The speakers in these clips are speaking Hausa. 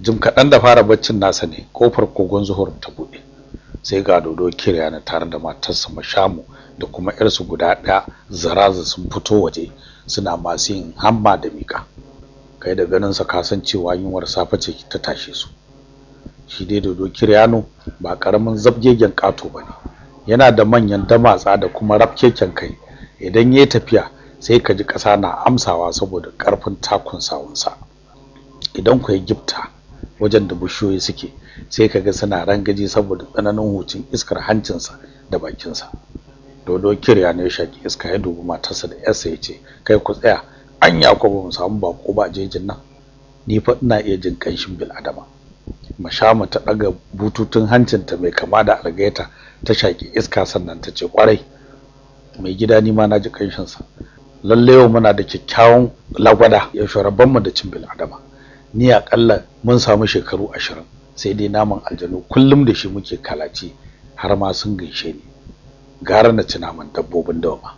jim kaɗan da fara baccin nasa ne kofar kogon zuhur ta buɗe sai ga dodo kirya na tare da matarsa mashamu da kuma yarsu guda ɗaya zaraza sun fito waje suna masu yin hamma da miƙa kai da ganinsa ka san cewa yunwar safe ce ta tashe su shi dai dodo kiryano ba karamin zabgegen ƙato ba ne yana da manyan damatsa da kuma rafkeken kai idan ya tafiya sai ka ji ƙasa na amsawa saboda ƙarfin takun sawunsa idan ku ya gifta wajen da bushoyi suke sai ka ga suna rangaji saboda tsananin hucin iskar hancinsa da bakinsa dodo kirya ne shaki iska ya dubi matarsa da yarsa ya ce kai ku tsaya an ya ku ba mu samu bako ba jejin nan ni fa ina iya jin kanshin bil adama mashama ta daga bututun hancinta mai kama da algaita ta shaki iska sannan ta ce kwarai mai gida ni ma na ji kanshinsa lalle yau muna da kyakkyawan lagwada ya shoraban mu da cin bil adama ni akalla mun samu shekaru ashirin sai dai naman aljanu kullum da shi muke kalaci har ma sun gaishe ni gara na ci naman dabbobin dawa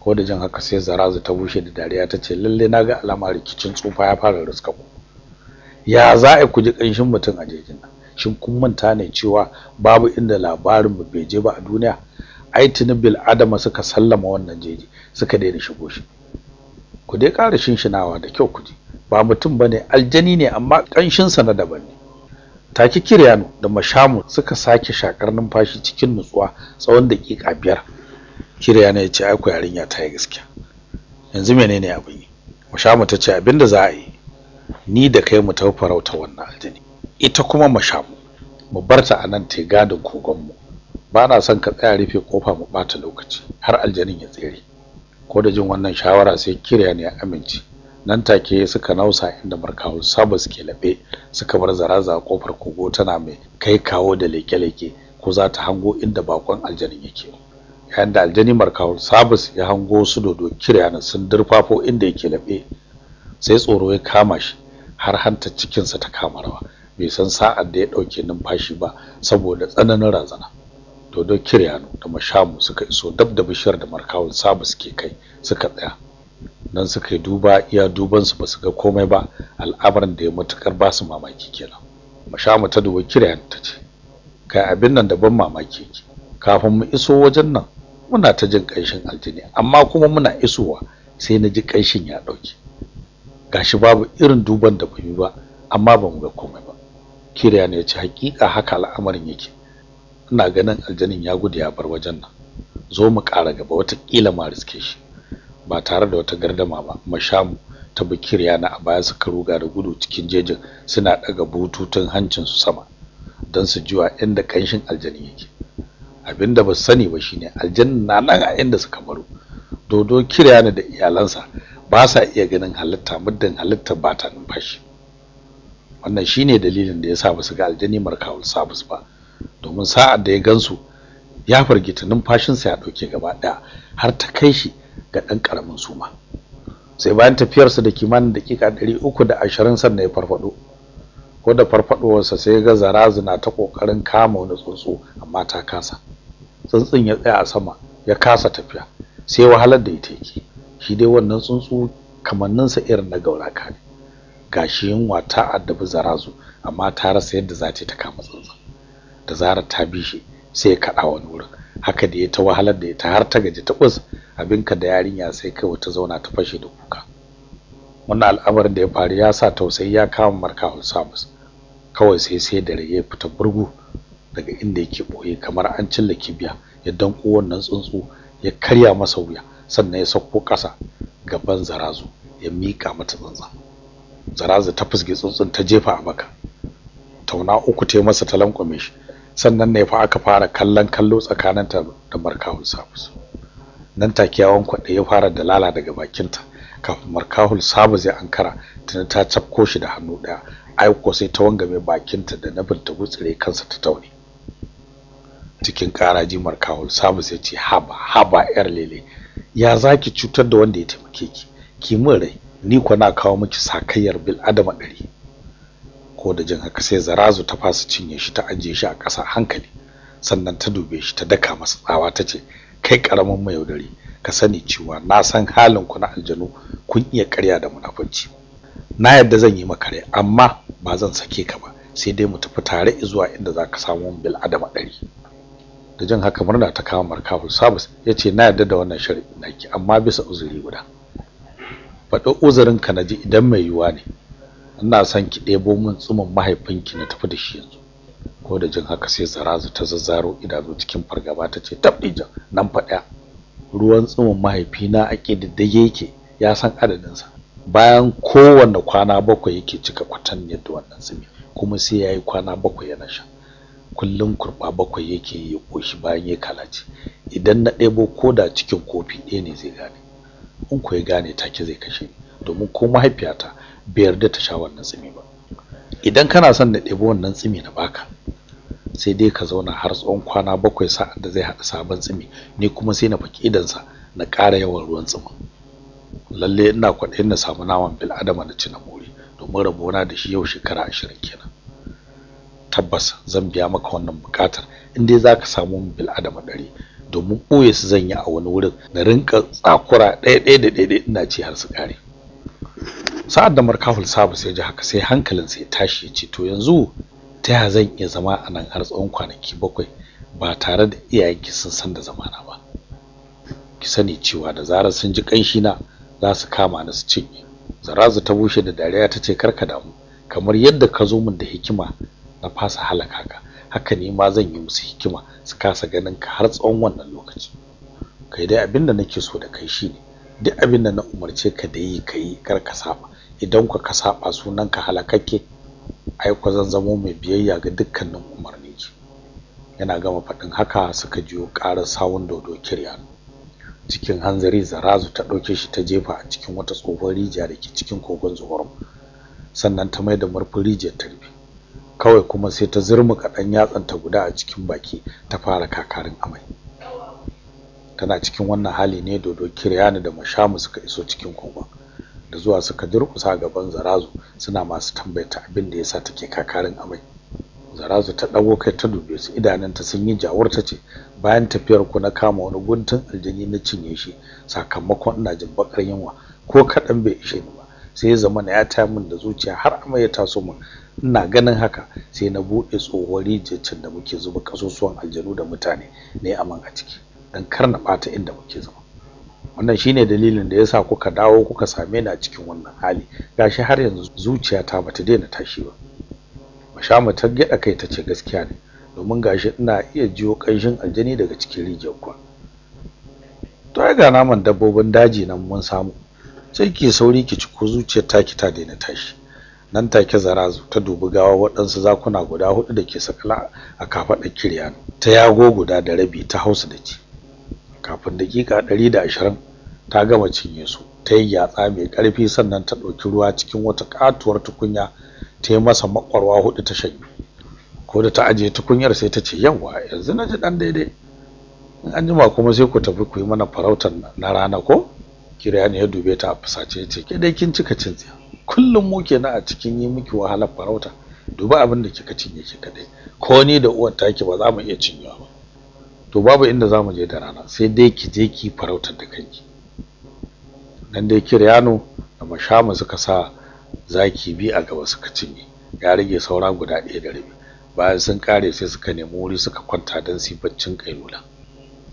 ko da jin haka sai zarazu ta bushe da dariya ta ce lalle na ga alama rikicin tsufa ya fara riska ku ya za a ku ji ƙanshin mutum a jejin nan shin kun manta ne cewa babu inda labarin mu bai je ba a duniya ai tuni bil adama suka sallama wannan jeji suka daina shigo shi ku dai ƙara shinshinawa da kyau ku ji ba mutum ba ne aljani ne amma ƙanshinsa na daban ne take kiryano da mashamu suka sake shakar numfashi cikin nutsuwa tsawon daƙiƙa biyar kiryano ya ce aiko yarinya ta yi gaskiya yanzu menene abin yi mashamu ta ce abin da za a yi ni da kai mu tafi farauta wannan aljani ita kuma mashamu mu barta a nan ta gadin kogonmu ba na son ka tsaya rufe kofa mu ɓata lokaci har aljanin ya tsere ko da jin wannan shawara sai kirya ya amince nan take suka nausa inda markawo saba suke laɓe suka bar zaraza a kofar kogo tana mai kai kawo da leke-leke ko za ta hango inda bakon aljanin yake yayin da aljani markawo sabis ya hango su dodo kiryana sun durfafo inda yake laɓe sai tsoro ya kama shi har hanta cikinsa ta kama rawa bai san sa'ar da ya ɗauke numfashi ba saboda tsananin razana dodo kiryano da mashamu suka iso dab da bishiyar da markawun sabis ke kai suka tsaya nan suka yi duba iya dubansu ba su ga komai ba al'amarin da ya matukar ba su mamaki kenan mashamu ta duba kiran ta ce kai abin nan da ban mamaki yake kafin mu iso wajen nan muna ta jin ƙanshin aljini amma kuma muna isowa sai na ji ƙanshin ya ɗauki gashi babu irin duban da yi ba amma ba ga komai ba kiriya ya ce hakika haka al'amarin yake ina ganin aljinin ya gudu ya bar wajen nan zo mu ƙara gaba watakila ma riske shi ba tare da wata gardama ba mashamu ta bikir yana a baya suka ruga da gudu cikin jejin suna daga bututun su sama don su jiwa inda kanshin aljani yake da ba sani ba shine aljanna nan a inda suka baro dodo kiryana da iyalansa ba sa iya ganin halitta muddin halitta ba ta numfashi wannan shine dalilin da yasa ba su ga aljani markawul sabus ba domin sa'ad da ya gansu ya fargita numfashinsa ya dauke gaba daya har ta kai shi ga ɗan ƙaramin suma sai bayan tafiyarsa da kimanin daƙiƙa ɗari uku da ashirin sannan ya farfaɗo ko da farfaɗowarsa sai ga zarazu na ta ƙoƙarin kama wani tsuntsu amma ta kasa tsuntsun ya tsaya a sama ya kasa tafiya sai wahalar da ita yake shi dai wannan tsuntsu kamanninsa irin na gauraka ne gashi yunwa ta addabi zarazu amma ta rasa yadda za ta kama tsuntsu. da zarar ta bi shi sai ya kaɗa wani wurin haka da ya ta wahalar da ya ta har ta gaji ta abinka da yarinya sai kawai ta zauna ta fashe da kuka wannan al'amarin da ya faru ya sa tausayi ya kama marka Samus kawai sai sai da ya fita burgu daga inda yake boye kamar an cilla kibiya ya danko wannan tsuntsu ya karya masa wuya sannan ya sauko ƙasa gaban zarazu ya miƙa mata tsuntsa zarazu ta fusge tsuntsun ta jefa a baka tauna uku ta masa ta lankwame shi sannan ne fa aka fara kallon kallo tsakaninta da markawun Samus nan take yawon kwaɗe ya fara dalala daga bakinta kafin markahul sabu zai ankara tana ta cafko shi da hannu ɗaya aiko sai ta wangame bakinta da nabin ta gutsire kansa ta taune cikin ƙaraji markahul sabu zai ce haba haba yar lele ya zaki cutar da wanda ya taimake ki ki min rai ni ko na kawo miki sakayyar bil adama ɗari ko da jin haka sai zarazu ta fasa cinye shi ta ajiye shi a ƙasa hankali sannan ta dube shi ta daka masa tsawa ta ce kai karamin mai yaudari ka sani cewa na san halin ku na aljanu kun iya karya da munafunci na yadda zan yi maka rai amma ba zan sake ka ba sai dai mu tafi tare zuwa inda za ka samu bil adama ɗari da jin haka murna ta kama markabul sabus ya ce na yadda da wannan shari'i naki amma bisa uzuri guda Faɗo uzurin ka na ji idan mai yiwuwa ne ina son ki ɗebo min tsumin mahaifinki na tafi da shi yanzu ko da jin haka sai zarazu ta zazzaro idanu cikin fargaba ta ce tabdija nan faɗa ruwan tsumin mahaifina a ƙididdage yake ya san adadinsa bayan kowanne kwana bakwai yake cika kwatan da wannan tsumi kuma sai ya yi kwana bakwai yana sha kullum kurɓa bakwai yake ya ƙoshi bayan ya kalace idan na ɗebo ko da cikin kofi ɗaya ne zai gane in ku ya gane take zai kashe ni domin ko mahaifiyata bai yarda ta sha wannan tsumi ba idan kana son na ɗebo wannan tsumi na baka sai dai ka zauna har tsawon kwana bakwai sa'ad da zai haɗa sabon tsimi ni kuma sai na faki idansa na ƙara yawan ruwan tsimin lalle ina kwaɗayin na samu naman bil adama na ci na domin rabona da shi yau shekara ashirin kenan tabbas zan biya maka wannan buƙatar in dai za ka samu bil adama ɗari domin ɓoye su zan yi a wani wurin na rinka tsakura ɗaya ɗaya da ɗaya ina ci har su ƙare sa'ad da markahul sabu ya ji haka sai hankalin ya tashi ya ce to yanzu ta ya zan iya zama a nan har tsawon kwanaki bakwai ba tare da iyayenki sun san da zamana ba ki sani cewa da zarar sun ji kanshi na za su kama ni su ce zarazu ta bushe da dariya ta ce karka damu kamar yadda ka zo min da hikima na fasa halaka ka haka ne ma zan yi musu hikima su kasa ganin ka har tsawon wannan lokaci kai dai abin da nake so da kai shine duk abin da na umarce ka da yi ka yi kar ka saba idan ka saba sunan ka halakakke ku zan zamo mai biyayya ga dukkanin ki. yana gama faɗin haka suka jiyo ƙara sawun dodo kirya cikin hanzari zarazu ta ɗauke shi ta jefa a cikin wata tsohon rijiya da ke cikin kogon zuwarum sannan ta mai da murfin rijiyar ta rufe kawai kuma sai ta zurmuka yatsan ta guda a cikin baki ta fara kakarin amai tana cikin wannan hali ne dodo kiryani da mashamu suka iso cikin kogon da zuwa suka durƙusa gaban zarazu suna masu tambayata abin da yasa take kakarin amai zarazu ta ɗago kai ta dube su idananta sun yi jawar ta ce bayan tafiyar ku na kama wani guntun aljini na cinye shi sakamakon ina jin bakar yunwa ko kaɗan bai ishe ni ba sai ya zama na ya taya min da zuciya har amai ya taso min ina ganin haka sai na buɗe tsohuwar rijiyar da muke zuba kasusuwan aljanu da mutane ne yi aman a ciki dan kar na ɓata inda muke zama wannan shine dalilin da yasa kuka dawo kuka same ni a cikin wannan hali gashi har yanzu zuciyata bata daina tashi ba mashama ta gyada kai ta ce gaskiya ne domin gashi ina iya jiyo kanshin aljani daga cikin rijiyar kwa to ai ga naman dabbobin daji nan mun samu sai ki sauri ki ci ko ta ki ta daina tashi nan take zarazu ta dubi gawa waɗansu zakuna guda hudu da ke sakala a kafaɗar kirya ta yago guda da rabi ta hausa da ce kafin dakika ɗari da ashirin ta gama cinye su ta yi yatsa mai ƙarfi sannan ta ɗauki ruwa cikin wata ƙatuwar tukunya ta yi masa makwarwa hudu ta shanye ko da ta ajiye tukunyar sai ta ce yawa yanzu na ji ɗan daidai in an jima kuma sai ku tafi ku yi mana farautar na rana ko kiriya ne ya dube ta a fusace ya ce ke dai kin cika cin tsaye kullum mu kenan a cikin yi miki wahalar farauta duba abin da kika cinye ki kadai ko ni da uwar taki ba za mu iya cinyewa ba to babu inda za mu je da rana sai dai ki je ki farautar da kanki nan dai kiryano da mashama suka sa zaki bi a gaba suka cinye ya rage saura guda ɗaya da rabi bayan sun kare sai suka nemi wuri suka kwanta don su baccin kailula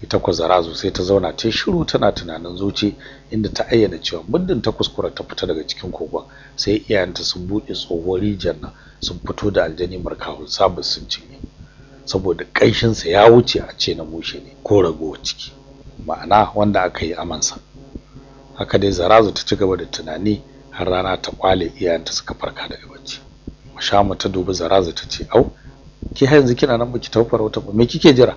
ita zarazu sai ta zauna ta shiru tana tunanin zuci inda ta ayyana cewa muddin ta kuskura ta fita daga cikin kogon sai iyayenta sun buɗe tsohuwar rijiyar nan sun fito da aljani markawun sabis sun cinye saboda ƙanshinsa ya wuce a ce na mushe ne ko ragowar ciki ma'ana wanda aka yi amansa haka dai zarazu ta ci gaba da tunani har rana ta kwale iyayenta suka farka daga bacci mashamu ta dubi zarazu ta ce au ki har yanzu kina nan baki taufar wata ba me kike jira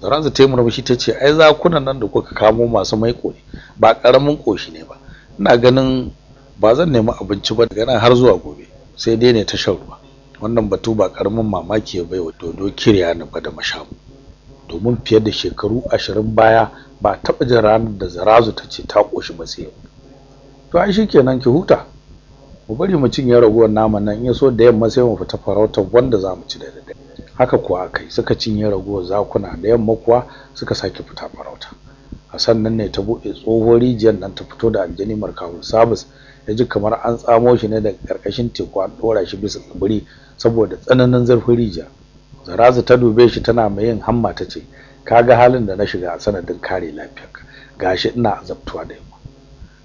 zarazu ta yi murmushi ta ce ai zakunan nan da kuka kamo masu mai koyi ba karamin koshi ne ba ina ganin ba zan nemi abinci ba daga nan har zuwa gobe sai dai ne ta shan ruwa wannan batu ba karamin mamaki ya bai wa dodo kiriya na ba da mashabu domin fiye da shekaru ashirin baya ba taɓa jin ranar da zarazu ta ce ta ƙoshi ba sai to ai kenan ki huta mu bari mu cinye raguwar naman nan in ya so da yamma sai mu fita farautar wanda za mu ci da dadai haka kuwa akai suka cinye raguwar zakuna da yamma kuwa suka sake fita farauta a sannan ne ta buɗe tsohon rijiyar nan ta fito da aljani markawun sabis ya ji kamar an tsamo shi ne daga ƙarƙashin teku an ɗora shi bisa tsibiri saboda tsananin zarfin rija zarazu ta dube shi tana mai yin hamma ta ce kaga halin da na shiga a sanadin kare lafiyarka gashi ina azabtuwa da yamma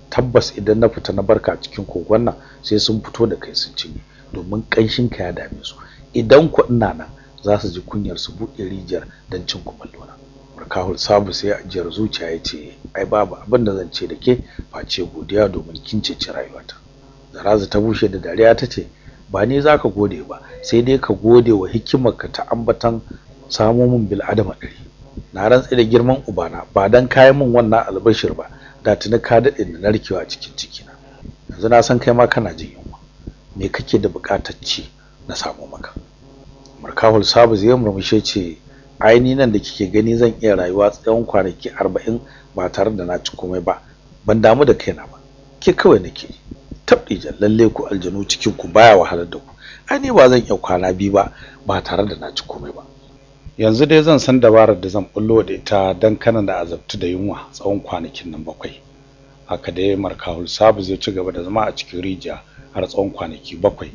tabbas idan na fita na barka cikin kogon nan sai sun fito da kai sun cinye domin kanshin ka ya dame su idan ku ina nan za su ji kunyar su buɗe rijiyar don cin kumallo na Barkahul Sabu sai ajiyar zuciya ya ce ai babu abin da zan ce da ke face godiya domin kin ceci rayuwata. Zarazu ta bushe da dariya ta ce ba ni za ka gode ba sai dai ka gode wa hikimarka ta ambatan samo min bil a ɗari na rantse da girman ubana ba dan kayan min wannan albashir ba da tuni ka daɗe da narkewa a cikin cikina yanzu na san kai ma kana jin yunwa me kake da buƙatar ci na samu maka markahul sabu zai murmushe ce aini nan da kike gani zan iya rayuwa tsawon kwanaki arba'in ba tare da na ci komai ba ban damu da kaina ba ke kawai nake tabdijan lalle ku aljanu cikin ku baya wahalar da ku ai ne ba zan iya kwana biyu ba ba tare da na ci komai ba yanzu dai zan san dabarar da zan bullo da ita dan kana da azabtu da yunwa tsawon kwanakin nan bakwai haka dai markahul sabu zai ci gaba da zama a cikin rijiya har tsawon kwanaki bakwai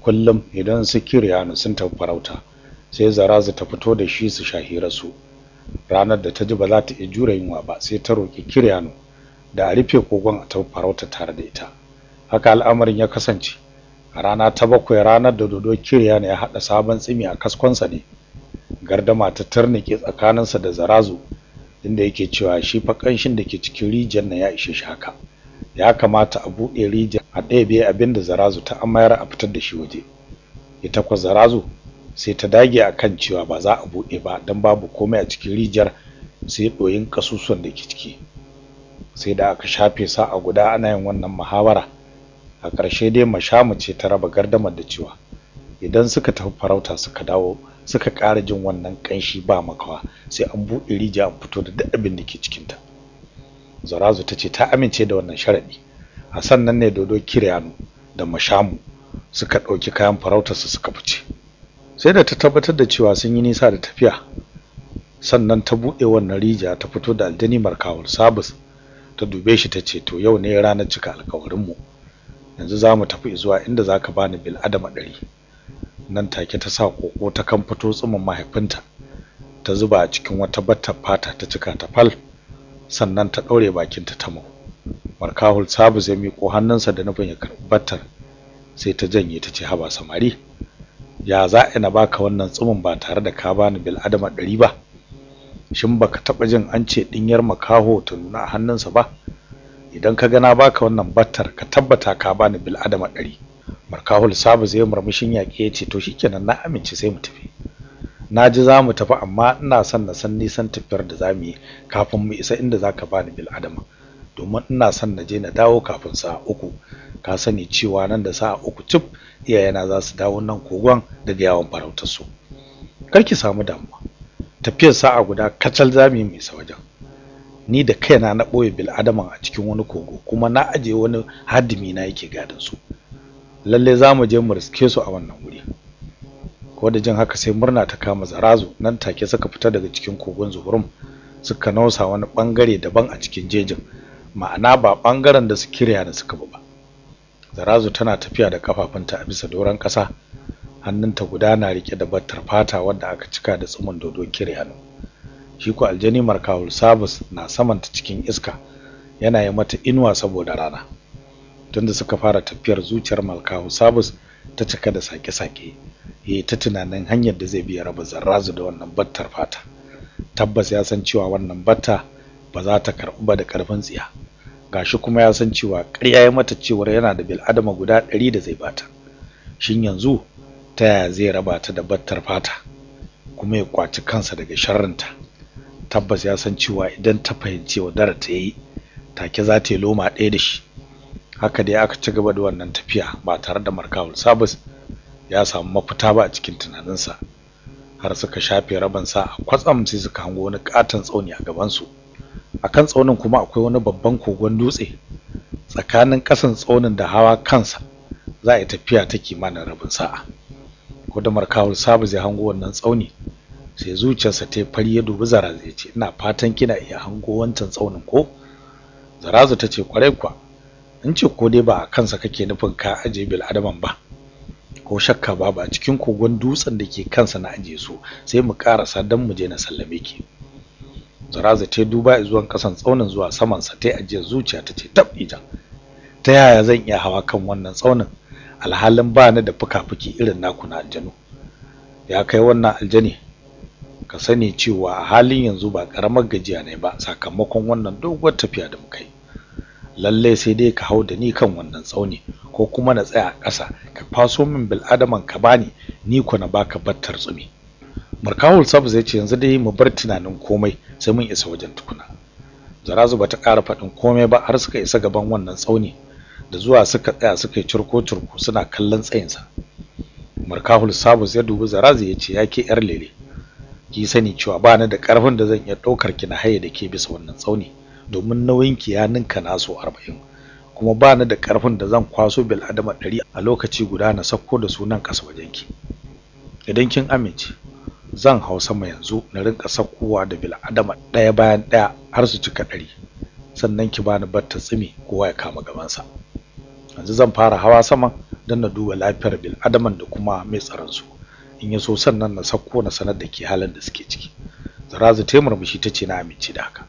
kullum idan su kiriyanu sun tafi farauta sai zarazu ta fito da shi su shahira su ranar da ta ji ba za ta iya jure yunwa ba sai ta roƙi kiryanu da a rufe kogon a tafi farauta tare da ita haka al'amarin ya kasance a rana ta bakwai ranar da dodo kirya ne ya haɗa sabon tsimi a kaskonsa ne gardama ta tarnike tsakaninsa da zarazu inda yake cewa shi fa kanshin da ke cikin rijiyar na ya ishe shi haka ya kamata a buɗe rijiyar a ɗebe abin da zarazu ta amayar a fitar da shi waje ita kwa zarazu sai ta dage a kan cewa ba za a buɗe ba don babu komai a cikin rijiyar sai ɗoyin kasusuwan da ke ciki sai da aka shafe sa'a guda ana yin wannan muhawara a ƙarshe dai mashamu ce ta raba gardamar da cewa idan suka tafi farauta suka dawo suka ƙara jin wannan ƙanshi ba makawa sai an buɗe rijiya an fito da duk abin da ke cikinta zarazu ta ce ta amince da wannan sharaɗi a sannan ne dodo kiryanu da mashamu suka ɗauki kayan farautarsu suka fice sai da ta tabbatar da cewa sun yi nisa da tafiya sannan ta buɗe wannan rijiya ta fito da aljani markawar sabis ta dube shi ta ce to yau ne ranar cika alkawarinmu yanzu za mu tafi zuwa inda za ka bani bil adama ɗari nan take ta sa koko ta kan fito tsumin mahaifinta ta zuba a cikin wata batta fata ta cika ta fal sannan ta ɗaure bakinta ta ta markahul sabu zai miƙo hannunsa da nufin ya karɓi battar sai ta janye ta ce haba samari ya za na baka wannan tsumin ba tare da ka bani bil adama ɗari ba shin baka taɓa jin an ce ɗinyar makaho ta nuna a hannunsa ba idan ka gana baka wannan battar ka tabbata ka bani bil adama ɗari markahul sabu zai murmushin yaƙi ya ce to shikenan na amince sai mu tafi na ji za mu tafi amma ina son na san nisan tafiyar da za mu yi kafin mu isa inda za ka bani bil adama domin ina son na je na dawo kafin sa'a uku ka sani cewa nan da sa'a uku cif iyayena za su dawo nan kogon daga yawon farautar su kar ki samu damuwa tafiyar sa'a guda kacal za mu yi mai isa wajen ni da kaina na ɓoye bil'adaman a cikin wani kogo kuma na aje wani hadimi na yake gadin su lalle za mu je mu riske su a wannan wuri ko da jin haka sai murna ta kama zarazu nan take suka fita daga cikin kogon zuburum suka nausa wani bangare daban a cikin jejin ma'ana ba bangaren da su kirya da suka ba zarazu tana tafiya da kafafunta a bisa doron ƙasa hannunta guda na rike da battar fata wadda aka cika da tsumin dodo kiryano shi ko aljani markawul sabus na samanta cikin iska yana yi mata inuwa saboda rana tunda suka fara tafiyar zuciyar markawul sabus ta cika da sake-sake ya ta tunanin hanyar da zai biya raba zarrazu da wannan battar fata tabbas ya san cewa wannan batta ba za ta karɓi ba da ƙarfin tsiya gashi kuma ya san cewa ƙarya ya mata cewar yana da adama guda ɗari da zai bata shin yanzu ta yaya zai raba ta da battar fata kuma ya kwaci kansa daga sharrinta tabbas ya san cewa idan ta fahimci dara ta yi take za ta yi loma ɗaya da shi haka dai aka ci gaba da wannan tafiya ba tare da markawul sabis ya samu mafita ba a cikin tunaninsa har suka shafe rabin sa a kwatsam sai suka hango wani katon tsauni a gabansu akan tsaunin kuma akwai wani babban kogon dutse tsakanin ƙasan tsaunin da hawa kansa za a yi tafiya ta kimanin rabin sa'a ko da markawul sabis ya hango wannan tsauni sai zuciyarsa ta fari ya dubi zarazu ya ce ina fatan kina iya hango wancan tsaunin ko zarazu ta ce kwarai kwa in ce ko dai ba a kansa kake nufin ka aje bil adaman ba ko shakka ba a cikin kogon dutsen da ke kansa na aje su sai mu karasa dan mu je na sallame ki zarazu ta duba zuwan kasan tsaunin zuwa saman sa ta aje zuciya ta ce tab ita ta yaya zan iya hawa kan wannan tsaunin alhalin ba ni da fuka-fuki irin naku na aljanu ya kai wannan aljani ka sani cewa a halin yanzu ba karamar gajiya ne ba sakamakon wannan doguwar tafiya da muka yi lallai sai dai ka hau da ni kan wannan tsauni ko kuma na tsaya a ƙasa ka faso min bil'adaman ka bani ni ku na baka battar tsumi markawul sabs zai ce yanzu dai mu bar tunanin komai sai mun isa wajen tukuna zarazu bata ƙara faɗin komai ba har suka isa gaban wannan tsauni da zuwa suka tsaya suka yi curko-curko suna kallon tsayinsa murkahul sabus ya dubi zarazu ya ce ya ke yar lele ki sani cewa ba ni da ƙarfin da zan iya ɗaukar ki na haye da ke bisa wannan tsauni domin nauyin ki ya ninka na so arba'in kuma ba ni da ƙarfin da zan kwaso bil adama ɗari a lokaci guda na sakko da sunan ƙasa wajen ki idan kin amince zan hau sama yanzu na rinka sakkowa da bil adama ɗaya bayan ɗaya har su cika ɗari sannan ki bani batta tsimi kowa ya kama gabansa yanzu zan fara hawa saman don na duba lafiyar bil adaman da kuma mai tsaron su in ya so sannan na sako na sanar da ke halin da suke ciki zarazu taimur mushi ta ce na amince da haka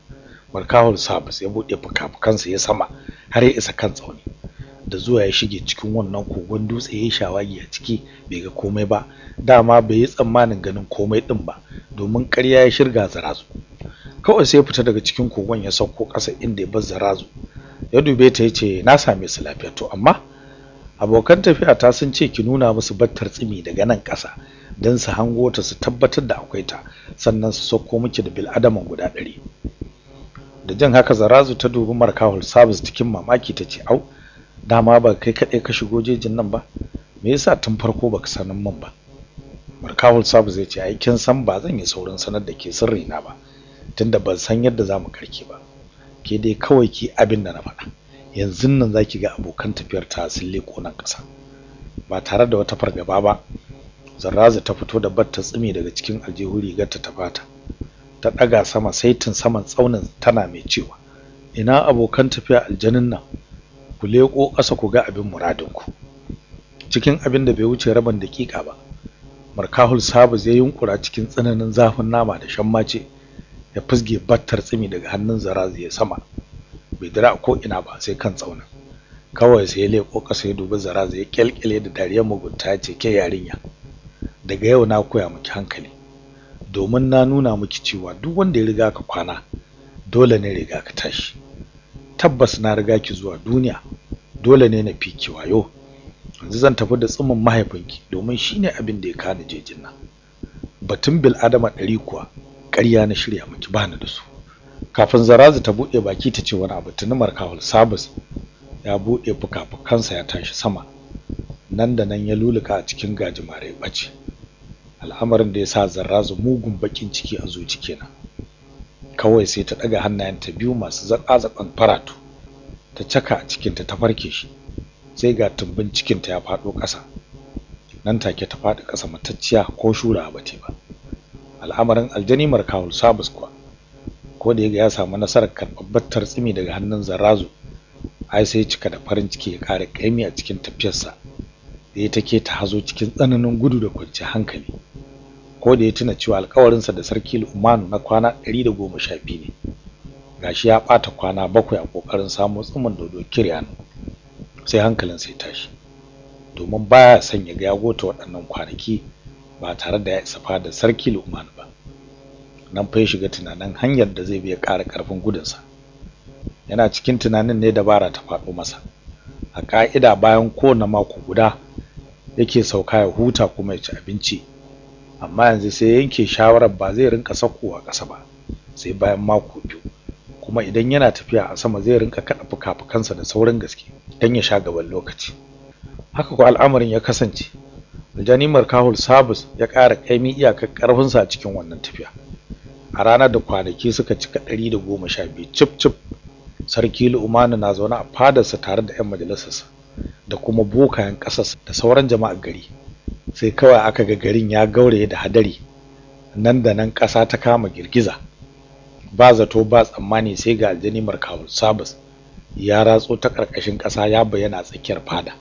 barkahul sabis ya buɗe fukafukansa ya sama har ya isa kan tsauni da zuwa ya shige cikin wannan kogon dutse ya shawagi a ciki bai ga komai ba dama bai yi tsammanin ganin komai din ba domin ƙarya ya shirga zarazu kawai sai ya fita daga cikin kogon ya sauko ƙasa inda ya bar zarazu ya dube ta ya ce na same su lafiya to amma abokan tafiya ta sun ce ki nuna musu battar tsimi daga nan ƙasa don su hango ta su tabbatar da akwai ta sannan su sauko miki da bil'adaman guda ɗari da jan haka zarazu ta dubi markahul sabis cikin mamaki ta ce au dama ba kai kaɗai ka shigo jejin nan ba me yasa tun farko baka sanin min ba markahul sabis ya ce ai kin san ba zan yi saurin sanar da ke sirri na ba tunda ban san yadda za mu karke ba ke dai kawai ki abin da na faɗa yanzu nan zaki ga abokan tafiyar ta sun leko nan ƙasa ba tare da wata fargaba ba zarraza ta fito da batta tsimi daga cikin aljihu rigarta ta fata ta ɗaga sama saitin saman tsaunin tana mai cewa ina abokan tafiya aljanin nan ku leƙo ƙasa ku ga abin muradin ku cikin abin da bai wuce rabin daƙiƙa ba markahul sabu zai yunkura cikin tsananin zafin nama da shammace ya fusge battar tsimi daga hannun zarazi ya sama bai dira ko ina ba sai kan tsaunin kawai sai ya leko ƙasa ya dubi zarazi ya kyalkyale da dariyar mugunta ya ce ke yarinya daga yau na koya miki hankali domin na nuna miki cewa duk wanda ya riga ka kwana dole ne riga ka tashi tabbas na riga ki zuwa duniya dole ne na fi ki wayo yanzu zan tafi da tsumin mahaifinki domin shine abin da ya kana jejin nan batun bil adama ɗari kuwa ƙarya na shirya miki bani da su kafin zarazu ta buɗe baki ta ce wani abu tuni markawul sabis ya buɗe fuka-fukansa ya tashi sama nan da nan ya luluka a cikin gajimare ɓace al'amarin da ya sa zarrazu mugun bakin ciki a zuci kenan kawai sai ta daga hannayenta biyu masu zaɓa-zaɓan faratu ta caka a cikinta ta farke shi sai ga tumbin cikinta ya faɗo ƙasa nan take ta faɗi ƙasa matacciya ko shura ba ba al'amarin aljani markawul sabus kuwa ko da ya samu nasarar karɓar tartsimi daga hannun zarrazu ai sai cika da farin ciki ya ƙara ƙaimi a cikin tafiyarsa da ya take ta hazo cikin tsananin gudu da kwanciyar hankali ko da ya tuna cewa sa da sarki Lumanu na kwana da goma sha biyu ne gashi ya ɓata kwana bakwai a ƙoƙarin samu tsumin dodo Kiryan sai hankalinsa ya tashi domin baya son ya ga ya gota waɗannan kwanaki ba tare da ya isa da sarki Lumanu ba nan fa ya shiga tunanin hanyar da zai bi ya ƙara ƙarfin gudunsa yana cikin tunanin ne dabara ta faɗo masa a ƙa'ida bayan kowane mako guda yake sauka ya huta kuma ya ci abinci amma yanzu sai yanke shawarar ba zai rinka sakkowa ƙasa ba sai bayan mako biyu kuma idan yana tafiya a sama zai rinka kaɗa fuka-fukansa da saurin gaske don ya sha gaban lokaci haka ko al'amarin ya kasance aljanimar markahul sabus ya ƙara kaimi iyakar ƙarfinsa a cikin wannan tafiya a ranar da kwanaki suka cika ɗari da goma sha biyu cif cif sarki lu'umanu na zaune a fadarsa tare da 'yan majalisarsa da kuma bokayen ƙasas da sauran jama'ar gari sai kawai aka ga garin ya gauraye da hadari nan da nan ƙasa ta kama girgiza ba zato ba tsammani sai ga aljani markawul sabis ya ratso ta ƙarƙashin ƙasa ya bayyana tsakiyar fada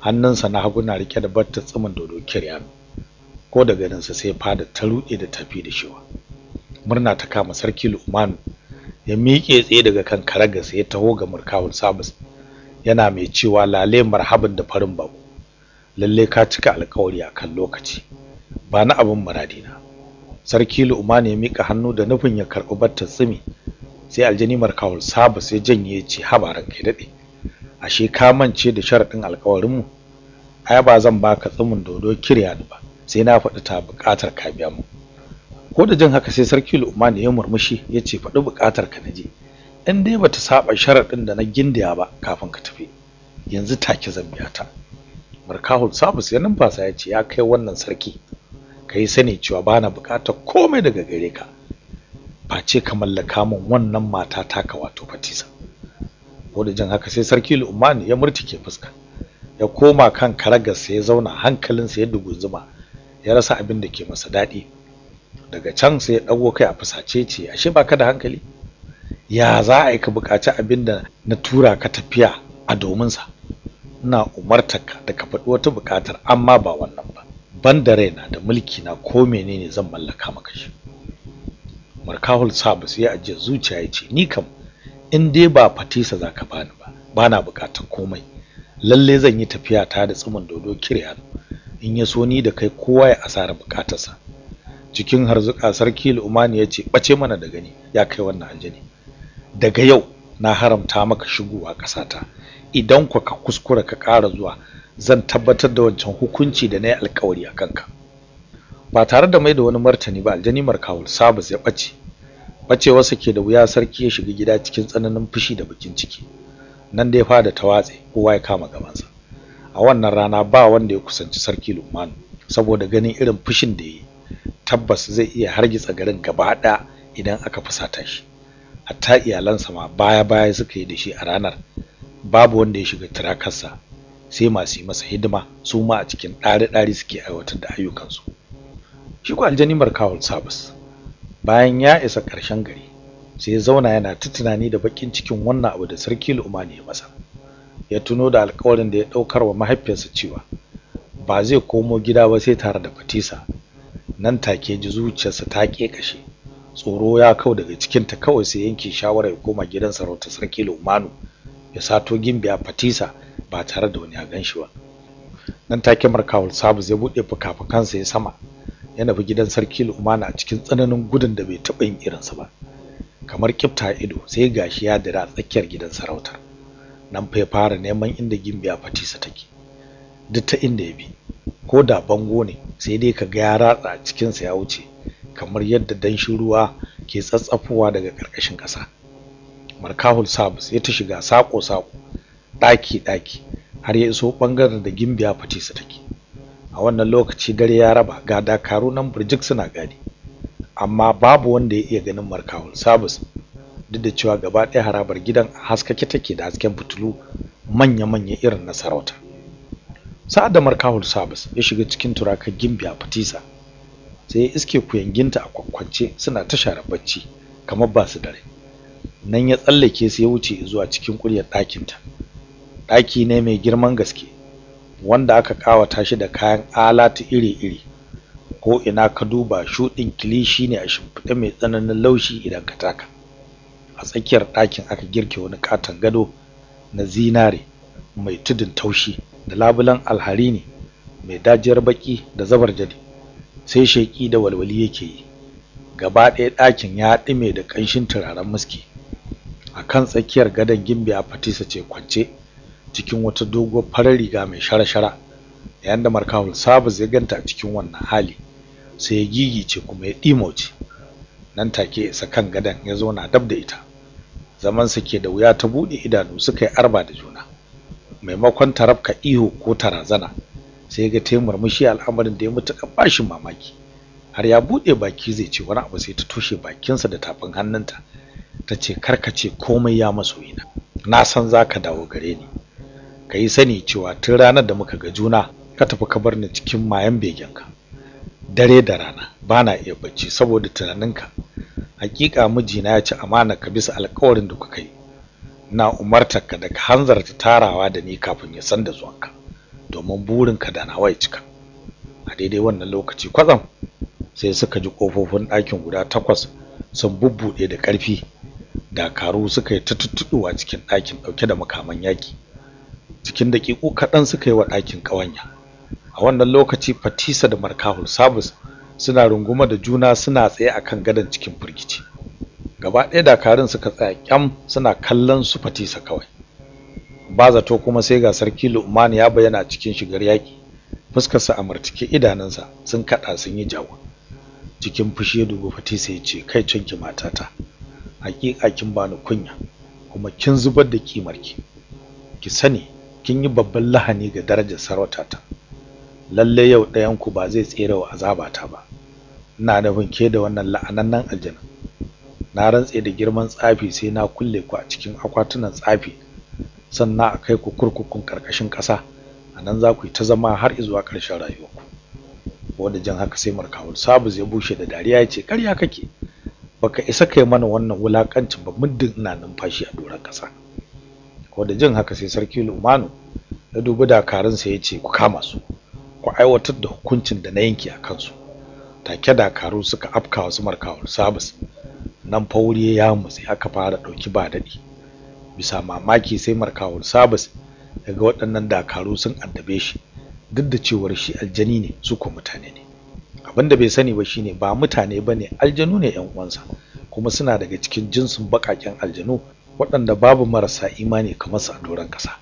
hannunsa na hagu na rike da batta tsimin dodo kiryano ko da ganinsa sai fada ta ruɗe da tafi da shiwa murna ta kama sarki lu'manu ya miƙe tsaye daga kan sai ya taho ga murkawul sabis yana mai cewa lale marhaban da farin bako lalle ka cika alkawari akan lokaci ba na abin na. sarki lu'man ya mika hannu da nufin ya karɓi battar tsimi sai aljani markawul saba sai janye ya ce haba ranka daɗe ashe ka mance da sharaɗin alƙawarinmu? ai ba zan baka tsimin dodo kirya ba sai na faɗi ta buƙatar ka biya mu ko da jin haka sai sarki lu'man ya murmushi ya ce faɗi buƙatar ka na je in dai bata saba ɗin da na gindiya ba kafin ka tafi yanzu take zan biya ta markahul sabus ya numfasa ya ce ya kai wannan sarki ka yi sani cewa ba na bukatar komai daga gare ka face ka mallaka min wannan mata taka wato fatisa ko da jin haka sai sarki lu'mani ya murtike fuska ya koma kan karagarsa ya zauna hankalinsa ya dugunzuma ya rasa abin da ke masa daɗi daga can sai ya ɗago kai a fusace ce ashe baka da hankali ya za a yi ka buƙaci abin da na tura ka tafiya a dominsa ina umartaka da ka faɗi wata buƙatar amma ba wannan ba ban da raina da mulki na ko menene zan mallaka maka shi markahul sai ya ajiye zuciya ya ce ni kam in dai ba fatisa za ka bani ba ba na buƙatar komai lalle zan yi tafiya ta da tsimin dodo kirya in ya so ni da kai kowa ya asara bukatarsa cikin harzuka sarki lumani ya ce ɓace mana da gani ya kai wannan aljani daga yau na haramta maka shigowa ƙasata idan ku ka kuskura ka ƙara zuwa zan tabbatar da wancan hukunci da na yi alkawari a kanka ba tare da mai da wani martani ba aljani markawul sabis ya ɓace ɓacewarsa ke da wuya sarki ya shiga gida cikin tsananin fushi da bikin ciki nan da ya fada ta watse kowa ya kama gabansa a wannan rana ba wanda ya kusanci sarki lumanu saboda ganin irin fushin da ya yi tabbas zai iya hargitsa garin gaba ɗaya idan aka fusata shi hatta iyalansa ma baya baya suka yi da shi a ranar babu wanda ya shiga tirakarsa sai masu yi masa hidima su ma a cikin ɗari-ɗari suke aiwatar da ayyukansu shi ko aljani markawul sabis bayan ya isa ƙarshen gari sai ya zauna yana ta tunani da baƙin cikin wannan abu da sarki lumani ya masa ya tuno da alƙawarin da ya ɗaukar wa mahaifiyarsa cewa ba zai komo gida ba sai tare da fatisa nan take ji zuciyarsa ta ƙeƙashe tsoro ya kau daga cikinta kawai sai yanke shawarar ya koma gidan sarauta sarki lumanu ya sato gimbiya fatisa ba tare da wani ya ganshi shi ba nan take markawul sabu zai buɗe fuka-fukansa ya sama yana bi gidan sarki lumanu a cikin tsananin gudun da bai taɓa yin irinsa ba kamar kifta ido sai gashi ya dira a tsakiyar gidan sarautar nan fa ya fara neman inda gimbiya fatisa take duk ta inda ya bi ko da bango ne sai dai ka ga ya ratsa a cikinsa ya wuce kamar yadda danshin ruwa ke tsatsafowa daga ƙarƙashin ƙasa markahul sabis ya ta shiga saƙo-saƙo. ɗaki-ɗaki har ya iso ɓangaren da gimbiya fatisa take a wannan lokaci dare ya raba ga dakaru nan burjik suna gadi amma babu wanda ya iya ganin markahul sabis duk da cewa gaba ɗaya harabar gidan haskake take da hasken fitilu manya-manya irin na sarauta sa'ad da markahul sabis ya shiga cikin turakar gimbiya fatisa sai iske kuyanginta a kwakwance suna ta share bacci kamar ba su dare nan ya tsallake su ya wuce zuwa cikin kuryar ɗakinta ɗaki ne mai girman gaske wanda aka kawata shi da kayan alatu iri-iri ko ina ka duba shuɗin kilishi ne a shimfiɗe mai tsananin laushi idan ka taka a tsakiyar ɗakin aka girke wani katon gado na zinare mai tudun taushi da labulan alhari ne mai dajiyar baki da zabar jadi sai sheƙi da walwali yake yi gaba ɗaya ɗakin ya ɗume da ƙanshin turaren muski a kan tsakiyar gadon gimbi a fatisa ce kwance cikin wata doguwar farar riga mai shara-shara yayin da markawul sabu ya ganta a cikin wannan hali sai ya gigice kuma ya ɗimoce nan take isa kan gadon ya zo na dab da ita zamansa ke da wuya ta buɗe idanu suka yi arba da juna maimakon tarafka ihu ko tarazana sai ga ta murmushi al'amarin da ya mutuka bashin mamaki har ya buɗe baki zai ce wani abu sai ta toshe bakinsa da tafin hannunta ta ce karkace komai ya masoyina na san za ka dawo gare ni ka yi sani cewa tun ranar da muka ga juna ka tafi ka bar ni cikin mayan ka. dare da rana bana iya bacci saboda tunaninka hakika mijina ya ci amana ka bisa alkawarin da kuka yi na umartar ka da ka hanzarta tarawa da ni kafin ya san da zuwanka domin burinka da nawa ya cika a daidai wannan lokaci kwatsam sai suka ji kofofin ɗakin guda takwas sun bubbuɗe da ƙarfi dakaru suka yi ta cikin ɗakin ɗauke da makaman yaki. cikin daƙiƙu kaɗan suka yi wa ɗakin ƙawanya a wannan lokaci fatisa da markahul sabis suna runguma da juna suna tsaye a kan gadon cikin firgici gaba ɗaya dakarun suka tsaya ƙyam suna kallon su fatisa kawai ba zato kuma sai ga sarki Lu'man ya bayyana cikin shigar yaki Fuskar sa martike idanunsa sun kada sun yi jawo cikin fushi da fati sai ya ce kai cinki matata hakika kin bani kunya kuma kin zubar da kimarki ki Ki sani kin yi babban lahani ga darajar ta. lalle yau ɗayan ku ba zai tsere wa azabata ba ina nufin ke da wannan la'anannan aljana na rantse da girman tsafi sai na kulle ku a cikin akwatunan tsafi sannan a kai ku kurkukun karkashin ƙasa a nan za ku yi ta zama har a ƙarshen rayuwarku wanda jan haka sai markawul sabu zai bushe da dariya ya ce karya kake baka isa kai mana wannan wulakancin ba muddin ina numfashi a doron ƙasa wanda jin haka sai sarki lumanu ya dubi dakarunsa ya ce ku kama su ku aiwatar da hukuncin da na yanke a kansu take dakaru suka afka wasu markawul sabis nan fauri ya mutsi aka fara ɗauki ba daɗi bisa mamaki sai markawul sabis daga waɗannan dakaru sun addabe shi duk da cewar shi aljani ne su ko mutane ne abin da bai sani ba shine ba mutane ba ne aljanu ne yan uwansa kuma suna daga cikin jinsin baƙaƙen aljanu waɗanda babu marasa imani kamar su a doron ƙasa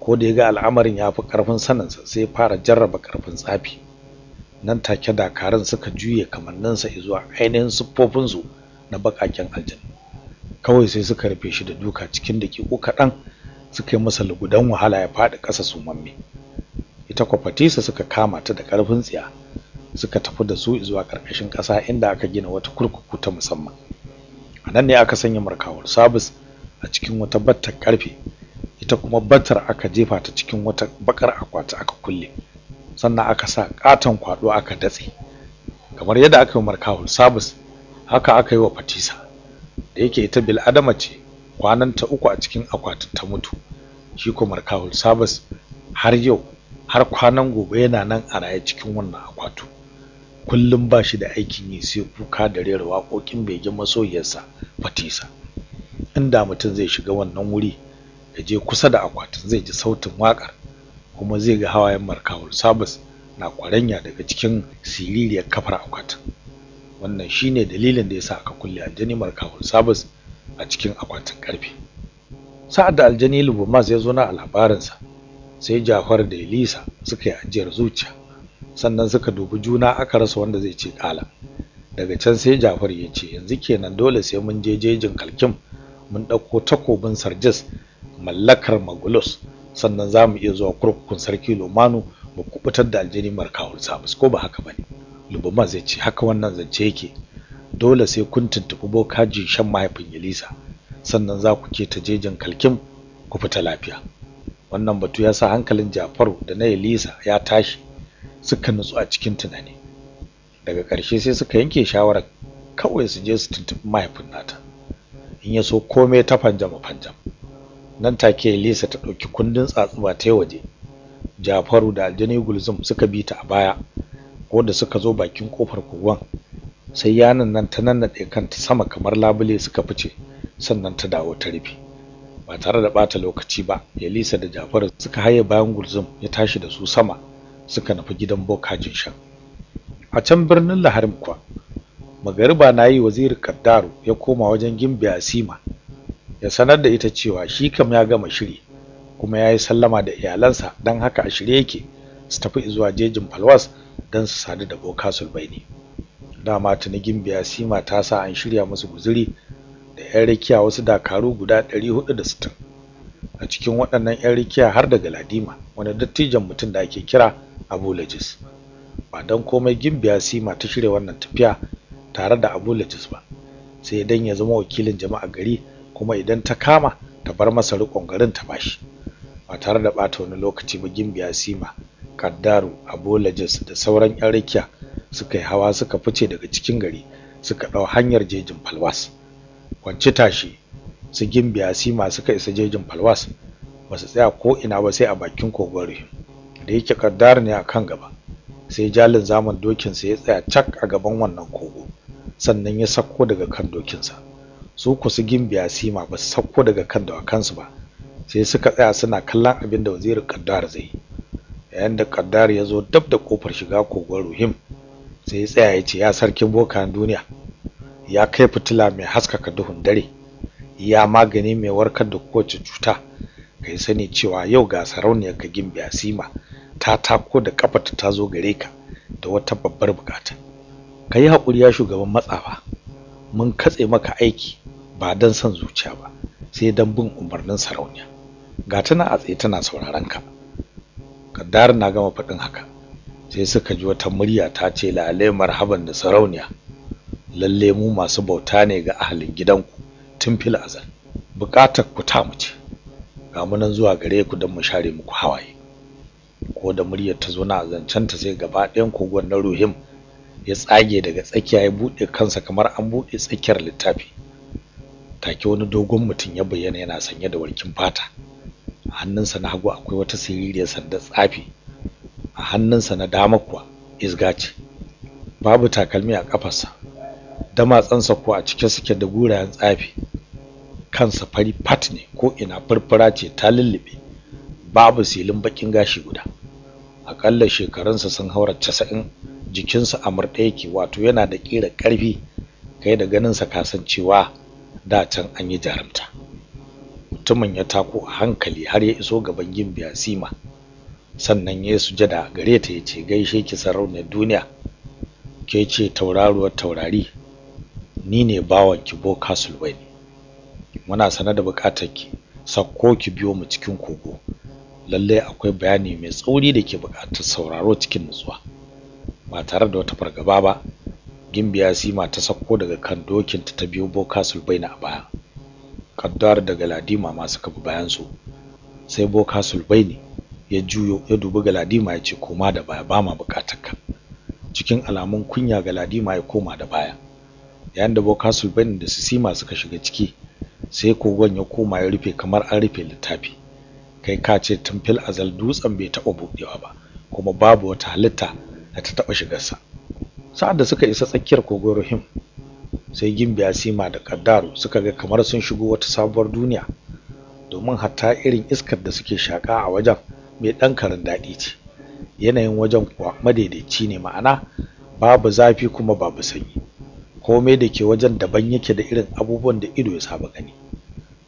ko da ya ga al'amarin ya fi ƙarfin saninsa sai fara jarraba ƙarfin tsafi nan take dakarun suka juye kamanninsa zuwa ainihin siffofinsu na baƙaƙen aljanu kawai sai suka rufe shi da duka cikin da kiko kaɗan suka yi masa lugudan wahala ya faɗi ƙasa mamme ita kwafatisa suka kama ta da ƙarfin tsiya suka tafi da su zuwa ƙarƙashin ƙasa inda aka gina wata kurkuku ta musamman a nan ne aka sanya markawar sabis a cikin wata battar ƙarfe ita kuma battar aka jefa ta cikin wata bakar akwati aka kulle sannan aka sa ƙaton kwaɗo aka datse kamar yadda aka yi markawar sabis haka aka yi wa fatisa da yake ita bil adama ce kwanan ta uku a cikin akwatin ta mutu shi kuma markawul sabas har yau har kwanan gobe yana nan a raye cikin wannan akwatu kullum ba shi da aikin yi sai kuka da rera waƙoƙin begen masoyiyarsa fatisa inda mutum zai shiga wannan wuri ya je kusa da akwatin zai ji sautin waƙar kuma zai ga hawayen markawul sabas na kwaranya daga cikin siririyar kafar akwatin wannan shine dalilin da yasa aka kulle aljani markawul sabis a cikin akwatin karfe sa'ad da aljani lubumas ya zo na labarinsa sai jafar da elisa suka yi ajiyar zuciya sannan suka dubi juna aka rasa wanda zai ce kala daga can sai jafar ya ce yanzu kenan dole sai mun je jejin kalkim mun ɗauko takobin sarjis mallakar magulus sannan za mu iya zuwa kurkukun sarki lomano mu kubutar da aljini markawul sabis ko ba haka ba ne lubuma zai ce haka wannan zance yake dole sai kun tuntuɓi bokaji shan mahaifin Elisa, sannan za ku ke ta jejin kalkin ku fita lafiya wannan batu ya sa hankalin jafaru da na Elisa ya tashi suka nutsu a cikin tunani daga ƙarshe sai suka yanke shawarar kawai su je su tuntuɓi mahaifin nata in ya so komai ta fanjama fanjam nan take Elisa ta ɗauki kundin tsatsuba ta waje jafaru da aljani gulzum suka bi ta a baya wanda suka zo bakin kofar kogon sai yanan nan ta nannaɗe kanta sama kamar labule suka fice sannan ta dawo ta rufe ba tare da bata lokaci ba yalisa da jafaru suka haye bayan gulzum ya tashi da su sama suka nufi gidan bokajin shan a can birnin laharim kuwa magariba na yi waziri kaddaru ya koma wajen gimbiya sima. ya sanar da ita cewa shi kam ya gama shiri kuma ya yi sallama da iyalansa don haka a shirye yake su tafi zuwa jejin falwas don su sadu da boka ne. dama tuni gimbiya sima ta sa an shirya musu guzuri da yan rikiya wasu dakaru guda 460 a cikin waɗannan yan rikiya har da galadima wani dattijan mutum da ake kira abu lajis ba don komai gimbiya sima ta shirya wannan tafiya tare da abu lajis ba sai dan ya zama wakilin jama'a gari kuma idan ta kama ta bar masa riƙon garin ta bashi ba tare da bata wani lokaci ba gimbiya sima kaddaru abolajes, da sauran yan rakiya suka yi hawa suka fice daga cikin gari suka ɗau hanyar jejin falwas kwanci tashi su gimbiya sima suka isa jejin falwas ba su tsaya ko ina ba sai a bakin kogon rihim da yake kaddaru ne a kan gaba sai jalin zaman dokinsa ya tsaya cak a gaban wannan kogo sannan ya sakko daga kan dokinsa su ku su gimbiya sima ba su sakko daga kan dawakansu ba sai suka tsaya suna kallon abin da wazirin kaddar zai yayin da kaddar ya zo dab da kofar shiga kogon ruhim sai ya tsaya ya ce ya sarkin bokan duniya ya kai fitila mai haskaka duhun dare ya magani mai warkar da kowace cuta kai sani cewa yau ga sarauniya ka gimbi asima ta tako da kafata ta zo gare ka da wata babbar bukata ka yi haƙuri ya shugaban matsafa mun katse maka aiki ba don son zuciya ba sai don bin umarnin sarauniya ga tana a tsaye tana sauraron ka kaddar na gama faɗin haka sai suka ji wata murya ta ce lalai marhaban da sarauniya lalle mu masu bauta ne ga ahalin gidanku tun fil azal bukatar ku ta mu ce ga mu nan zuwa gare ku don mu share muku hawaye ko da muryar ta zo na zancen ta sai gaba ɗayan kogon na ruhim ya tsage daga tsakiya ya buɗe kansa kamar an buɗe tsakiyar littafi take wani dogon mutum ya bayyana yana sanye da warkin fata hannunsa na hagu akwai wata siririyar sanda tsafi a hannunsa na dama kuwa isga ce babu takalmi a kafarsa damatsansa kuwa a cike suke da gurayen tsafi kansa fari fat ne ko ina furfura ce ta lullube babu silin bakin gashi guda akalla shekarunsa sun haura casa'in jikinsa a murɗe yake wato yana da ƙira ƙarfi kai da ganinsa kasancewa da can an yi jarumta mutumin ya tako a hankali har ya iso gaban gimbiya sima sannan ya sujada gare ta ya ce gaishe ki sarauniyar duniya ke ce tauraruwar taurari ni ne bawan ki bo castleway muna sana da bukatar ki sakko ki biyo mu cikin kogo lalle akwai bayani mai tsauri da ke bukatar sauraro cikin nutsuwa ba tare da wata fargaba ba gimbiya sima ta sakko daga kan dokin ta biyo bo castleway a baya kaddar da galadima ma suka bi bayan su sai boka sulbaini ya juyo ya dubi galadima ya ce koma da baya ba ma ka cikin alamun kunya galadima ya koma da baya yayin da boka sulbaini da ma suka shiga ciki sai kogon ya koma ya rufe kamar an rufe littafi kai ka ce tun azal dutsen bai taɓa buɗewa ba kuma babu wata halitta da ta taɓa shigarsa sa'ad da suka isa tsakiyar kogon rahim sai gimbiya sima da kaddaro suka ga kamar sun shigo wata sabuwar duniya domin hatta irin iskar da suke shaka a wajen mai ɗan karin daɗi ce yanayin wajen kuwa madaidaici ne ma'ana babu zafi kuma babu sanyi komai da ke wajen daban yake da irin abubuwan da ido ya saba gani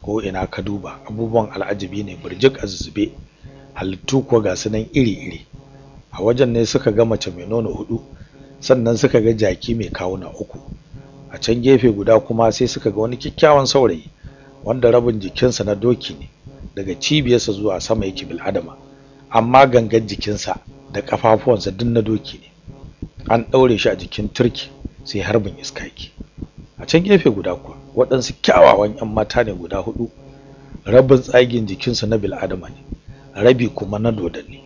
ko ina ka duba abubuwan al'ajabi ne burjik a zuzube halittu kuwa ga su iri-iri a wajen ne suka ga mace mai nono hudu sannan suka ga jaki mai kawuna uku a can gefe guda kuma sai suka ga wani kyakkyawan saurayi wanda rabin jikinsa na doki ne daga cibiyarsa zuwa sama yake bil'adama amma gangan jikinsa da kafafuwansa duk na doki ne an ɗaure shi a jikin turki sai harbin iska yake a can gefe guda kuwa waɗansu kyawawan 'yan mata ne guda hudu rabin tsagin jikinsa na bil'adama ne rabi kuma na dodanni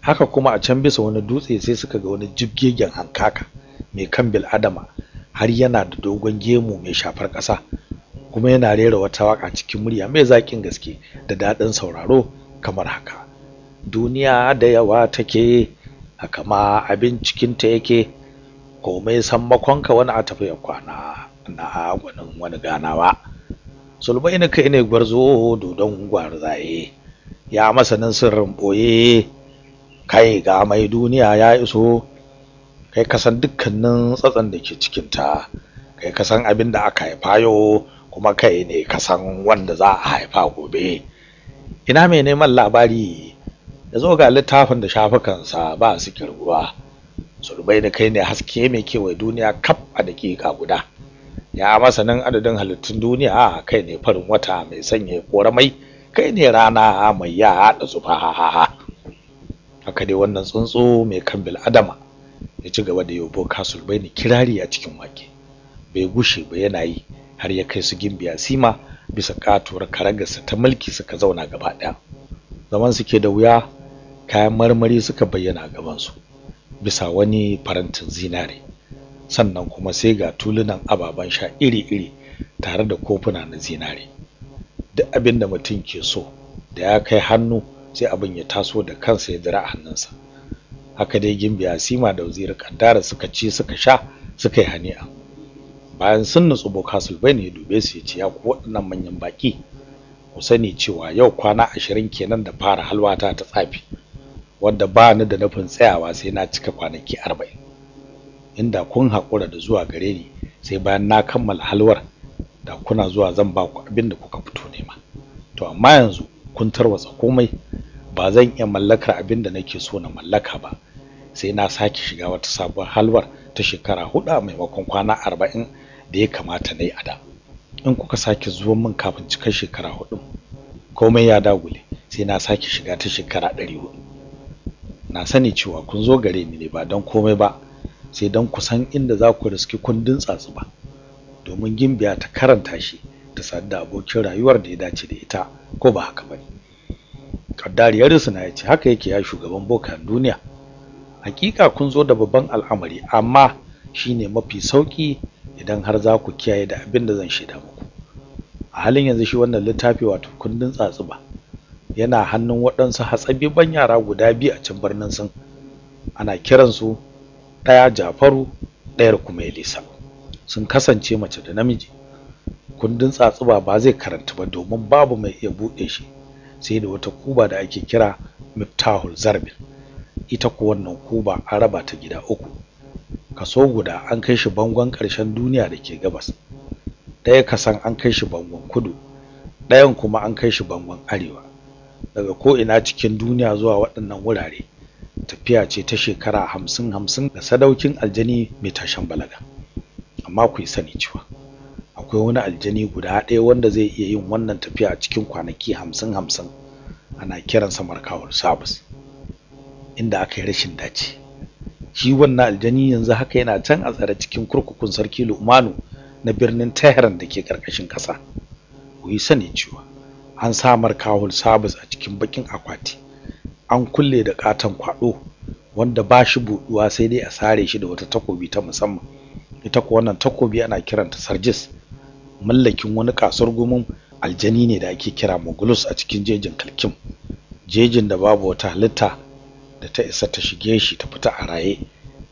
haka kuma a can bisa wani dutse sai suka ga wani jibgegen hankaka mai kan bil'adama har yana da dogon gemu mai shafar ƙasa kuma yana rera wata waka cikin murya mai zaƙin gaske da daɗin sauraro kamar haka duniya da yawa take haka ma abin cikinta yake komai san makonka wani a tafiya kwana na gwanin wani ganawa sulmai ni kai ne gwarzo dodon zaye. ya masanin sirrin boye kai ga mai duniya ya iso kai kasan dukkanin tsatsan da ke cikinta kai kasan abin da aka haifa yau kuma kai ne kasan wanda za a haifa gobe ina mai neman labari da zo ga littafin da shafukansa ba su kirguwa surbai da kai ne haske mai kewaye duniya kaf a dakika guda ya masanin adadin halittun duniya kai ne farin wata mai sanya koramai kai ne rana mai yaha da zufa ha ha haka dai wannan tsuntsu mai kan bil'adama adama ya ci gaba da yobo kasul bai ni kirari a cikin wake bai gushe ba yana yi har ya kai su gimbiya sima bisa katuwar karagarsa ta mulki suka zauna gaba ɗaya zaman suke da wuya kayan marmari suka bayyana gabansu bisa wani farantin zinare sannan kuma sai ga tulunan ababen sha iri-iri tare da kofuna na zinare duk abin da mutum ke so da ya kai hannu sai abin ya taso da kansa ya jira a hannunsa haka dai gimbiya sima da waziri kaddara suka ci suka sha suka yi hani'a bayan sun nutsu bokasul bai ne dube su ya ce ya ku waɗannan manyan baki ku sani cewa yau kwana ashirin kenan da fara halwata ta tsafi wadda ba ni da nufin tsayawa sai na cika kwanaki arba'in inda kun haƙura da zuwa gare ni sai bayan na kammala halwar da kuna zuwa zan ba ku abin da kuka fito nema to amma yanzu kun tarwatsa komai ba zan iya mallakar abin da nake so na mallaka ba sai na sake shiga wata sabuwar halwar ta shekara hudu maimakon kwana arba'in da ya kamata na yi a in kuka sake zuwa min kafin cikar shekara hudu komai ya dagule sai na sake shiga ta shekara ɗari hudu na sani cewa kun zo gare ni ne ba don komai ba sai don ku san inda za ku riski kundin tsatsu ba domin gimbiya ta karanta shi ta sadda da abokin rayuwar da ya dace da ita ko ba haka ba ne Kaddari ya suna ya ce haka yake ya shugaban bokan duniya. Hakika kun zo da babban al'amari amma shine mafi sauki idan har za ku kiyaye da abin da zan shaida muku. A halin yanzu shi wannan littafi wato kundin tsatsuba yana hannun waɗansu ban yara guda biyu a can birnin sun ana kiransu ɗaya Jafaru ɗayar kuma Elisa. Sun kasance mace da namiji. Kundin tsatsuba ba zai karanta ba domin babu mai iya buɗe shi. sai da wata kuba da ake kira miftahul zarbin ita ko wannan kuba an raba ta gida uku kaso guda an kai shi bangon ƙarshen duniya da ke gabas ɗaya kasan an kai shi bangon kudu ɗayan kuma an kai shi bangon arewa daga ko'ina cikin duniya zuwa waɗannan wurare tafiya ce ta shekara hamsin hamsin da sadaukin aljani mai tashan balaga amma ku yi sani cewa akwai wani aljani guda ɗaya wanda zai iya yin wannan tafiya a cikin kwanaki hamsin hamsin ana kiransa markawar sabis inda aka yi rashin dace shi wannan aljani yanzu haka yana can a tsare cikin kurkukun sarki lumanu na birnin tehran da ke karkashin ƙasa ku yi sani cewa an sa markawar sabis a cikin bakin akwati an kulle da katon kwado wanda ba shi buɗuwa sai dai a sare shi da wata takobi ta musamman ita ko wannan takobi ana kiranta sarjis mallakin wani kasar gomin aljani ne da ake kira mogulus a cikin jejin kalkim jejin da babu wata halitta da ta isa ta shige shi ta fita a raye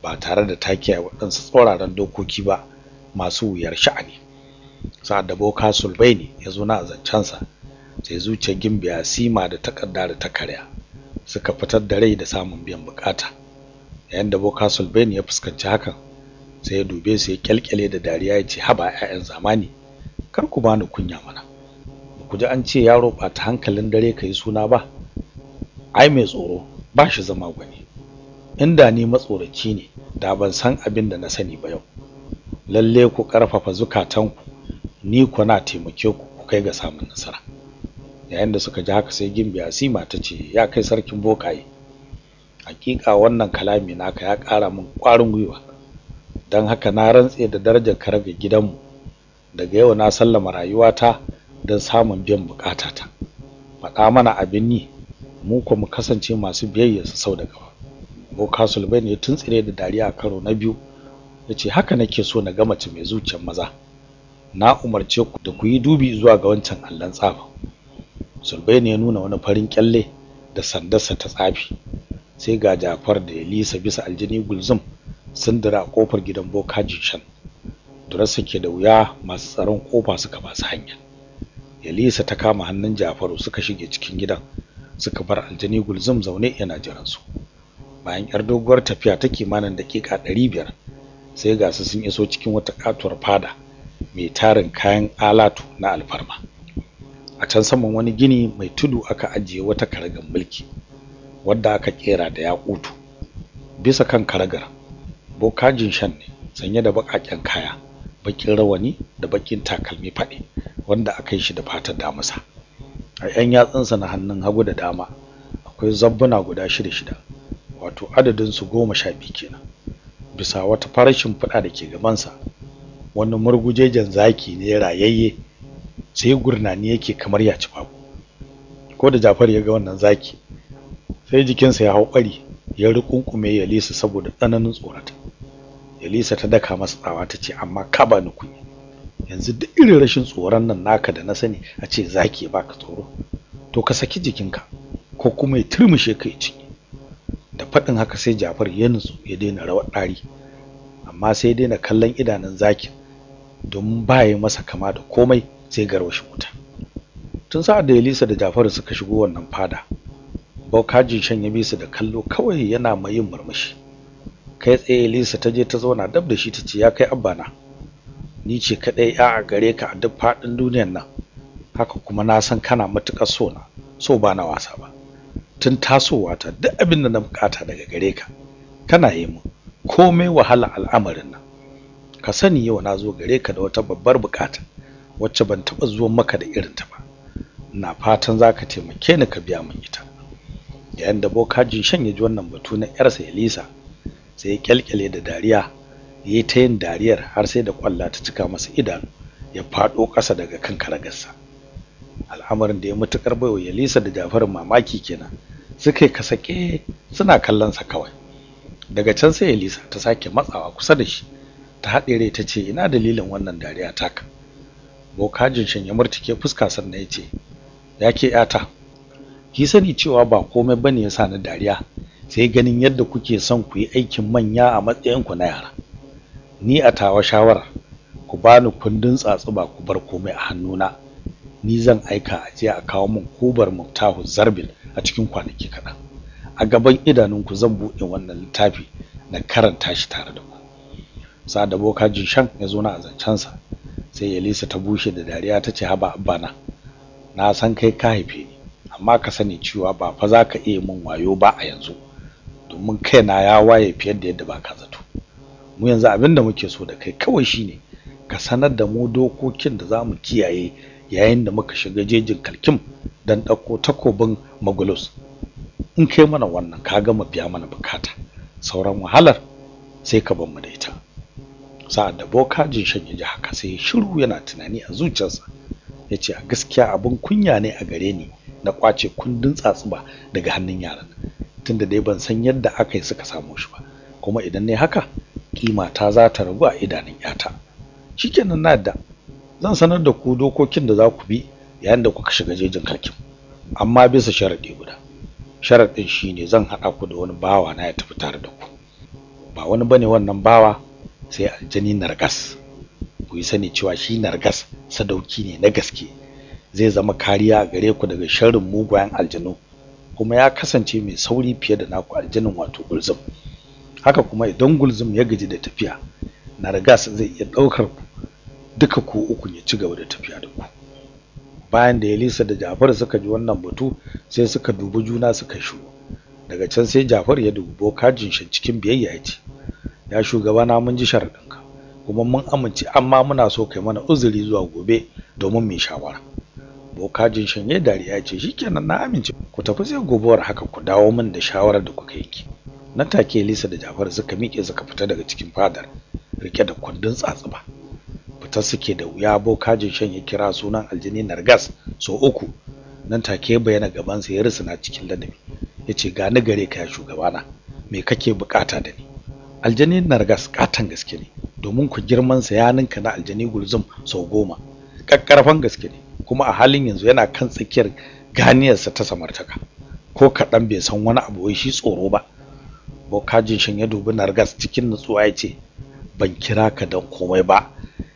ba tare da ta kiyaye waɗansu tsauraran dokoki ba masu wuyar sha'ani sa'ad da boka ne, ya zo na zancensa sai zuciyar gimbiya sima da takarda da ta karya suka fitar da rai da samun biyan bukata yayin da boka ne ya fuskanci hakan sai ya dube su ya kyalkyale da dariya ya ce haba 'ya'yan zamani kar ku bani kunya mana ku ji an ce yaro ba ta hankalin dare ka yi suna ba ai mai tsoro ba shi zama gwani inda ni matsoraci ne da ban san abin da na sani ba yau lalle ku ƙarfafa zukatanku ni ku na taimake ku ku kai ga samun nasara yayin da suka ji haka sai gimbi asima ta ce ya kai sarkin bokaye hakika wannan kalami naka ya kara min kwarin gwiwa don haka na rantse da darajar karaga gidanmu daga yau na sallama rayuwata don samun biyan bukatata faɗa mana abin yi mu ko mu kasance masu biyayya sau da gaba boka sulbai ne tun tsire da dariya a karo na biyu ya ce haka nake so na ga mace mai zuciyar maza na umarce ku da ku yi dubi zuwa ga wancan allon tsafa sulbai ne ya nuna wani farin kyalle da sandarsa ta tsafi sai ga jafar da ya lisa bisa aljini gulzum sun dira a kofar gidan boka jishan durarsa ke da wuya masu tsaron kofa suka basu su hanya yalisa ta kama hannun jafaru suka shige cikin gidan suka bar aljani gulzum zaune yana jiran su bayan yar doguwar tafiya ta kimanin dakika ɗari biyar sai ga su sun iso cikin wata katuwar fada mai tarin kayan alatu na alfarma a can saman wani gini mai tudu aka ajiye wata karagar mulki wadda aka kera da yakutu bisa kan karagar bokajin shan ne sanye da baƙaƙen kaya bakin rawani da bakin takalmi faɗi wanda aka yi shi da fatar damusa a 'yan yatsunsa na hannun hagu da dama akwai zabbuna guda shida shida wato adadin su goma sha biyu kenan bisa wata farashin faɗa da ke gabansa wani murgujejen zaki ne rayayye sai gurnani yake kamar ya ci babu ko da jafar ya ga wannan zaki sai jikinsa ya hau ɓari ya rikunkume ya lisa saboda tsananin tsorata Elisa ta daka masa tsawa ta ce amma ka ba ni kuɗi yanzu duk irin rashin tsoron nan naka da na sani a ce zaki ka tsoro to ka saki jikinka ko kuma ya turmushe ka ya da faɗin haka sai Jafar ya nutsu ya daina rawar ɗari amma sai daina kallon idanun zakin don ba yi masa kama da komai sai garwashi wuta tun sa'ad da Elisa da Jafar suka shigo wannan fada Baukaji shan ya bi su da kallo kawai yana mai yin murmushi kai tsaye Lisa ta je ta zauna dab da shi ta ce ya kai abba na ni ce kadai ya a gare ka a duk faɗin duniyar nan haka kuma na san kana matuƙar so na so ba na wasa ba tun tasowa ta duk abin da na bukata daga gare ka kana yi mu komai wahala al'amarin nan ka sani yau na zo gare ka da wata babbar bukata wacce ban taɓa zuwa maka da irin ta ba na fatan za ka taimake ni ka biya min ita yayin da bokajin shan ya ji wannan batu na yarsa elisa sai ya kyalkyale da dariya ya yi ta yin dariyar har sai da kwalla ta cika masa idanu ya faɗo ƙasa daga kan karagarsa al'amarin da ya matuƙar baiwa yalisa da jafarin mamaki kenan suka yi kasake suna kallon sa kawai daga can sai yalisa ta sake matsawa kusa da shi ta haɗe rai ta ce ina dalilin wannan dariya taka bokajin shin ya murtuke fuska sannan ya ce ya ke yata ki sani cewa ba komai bane ya sa na dariya sai ganin yadda kuke son ku yi aikin manya a matsayin ku na yara ni a tawa shawara ku bani kundin tsatsuba ku bar komai a hannuna ni zan aika a je a kawo min kubar muktahu zarbil a cikin kwanaki kaɗan a gaban idanunku zan buɗe wannan littafi na karanta shi tare da ku sa da boka shan ya zo na sa sai yalisa ta bushe da dariya ta ce haba bana na san kai ka haife ni amma ka sani cewa ba fa za ka iya min wayo ba a yanzu domin kaina ya waye fiye da yadda baka zato mu yanzu abin da muke so da kai kawai shine ka sanar da mu dokokin da za mu kiyaye yayin da muka shiga jejin kalkim don ɗauko takobin magulus in kai mana wannan ka gama biya mana bukata sauran wahalar sai ka bar mu da ita sa'ad da boka jin shan ya ji haka sai shiru yana tunani a zuciyarsa ya ce a gaskiya abin kunya ne a gare ni na kwace kundin tsatsuba daga hannun yaran da dai ban san yadda aka yi suka samu shi ba kuma idan ne haka kima ta za ta ragu a idanun yata shikenan na da zan sanar da ku dokokin da za ku bi yayin da kuka shiga jejin karkin amma bisa sharaɗi guda sharaɗin shine zan haɗa ku da wani bawa na ya tafi tare da ku ba wani bane wannan bawa sai aljani nargas ku yi sani cewa shi nargas sadauki ne na gaske zai zama kariya gare ku daga sharrin mugayen aljanu kuma ya kasance mai sauri fiye da naku aljanin wato gulzum haka kuma idan gulzum ya gaji da tafiya na gas zai iya ɗaukar ku duka ku uku ya ci gaba da tafiya da ku bayan da Yalisa da Jafar suka ji wannan batu sai suka dubi juna suka shigo, daga can sai Jafar ya dubi bokajin shi cikin biyayya ya ce ya shugaba na mun ji sharaɗinka kuma mun amince amma muna so kai mana uzuri zuwa gobe domin mai shawara boka shanye dariya ce shikenan na amince ku tafi sai gobowar haka ku dawo min da shawarar da kuka yi na take lisa da jafar suka miƙe suka fita daga cikin fadar rike da kundin tsatsuba fitar suke da wuya boka jin ya kira sunan aljini nargas so uku nan take bayyana gabansa ya na cikin ladabi ya ce ga ni gare ka ya shugabana me kake bukata da ni aljani nargas katan gaske ne domin ku sa ya ninka na aljani gulzum sau goma ƙaƙƙarfan gaske ne kuma a halin yanzu yana kan tsakiyar ganiyarsa ta samartaka ko kaɗan bai san wani abu wai shi tsoro ba bokajin shin ya dubi nargas cikin nutsuwa ya ce ban kira ka don komai ba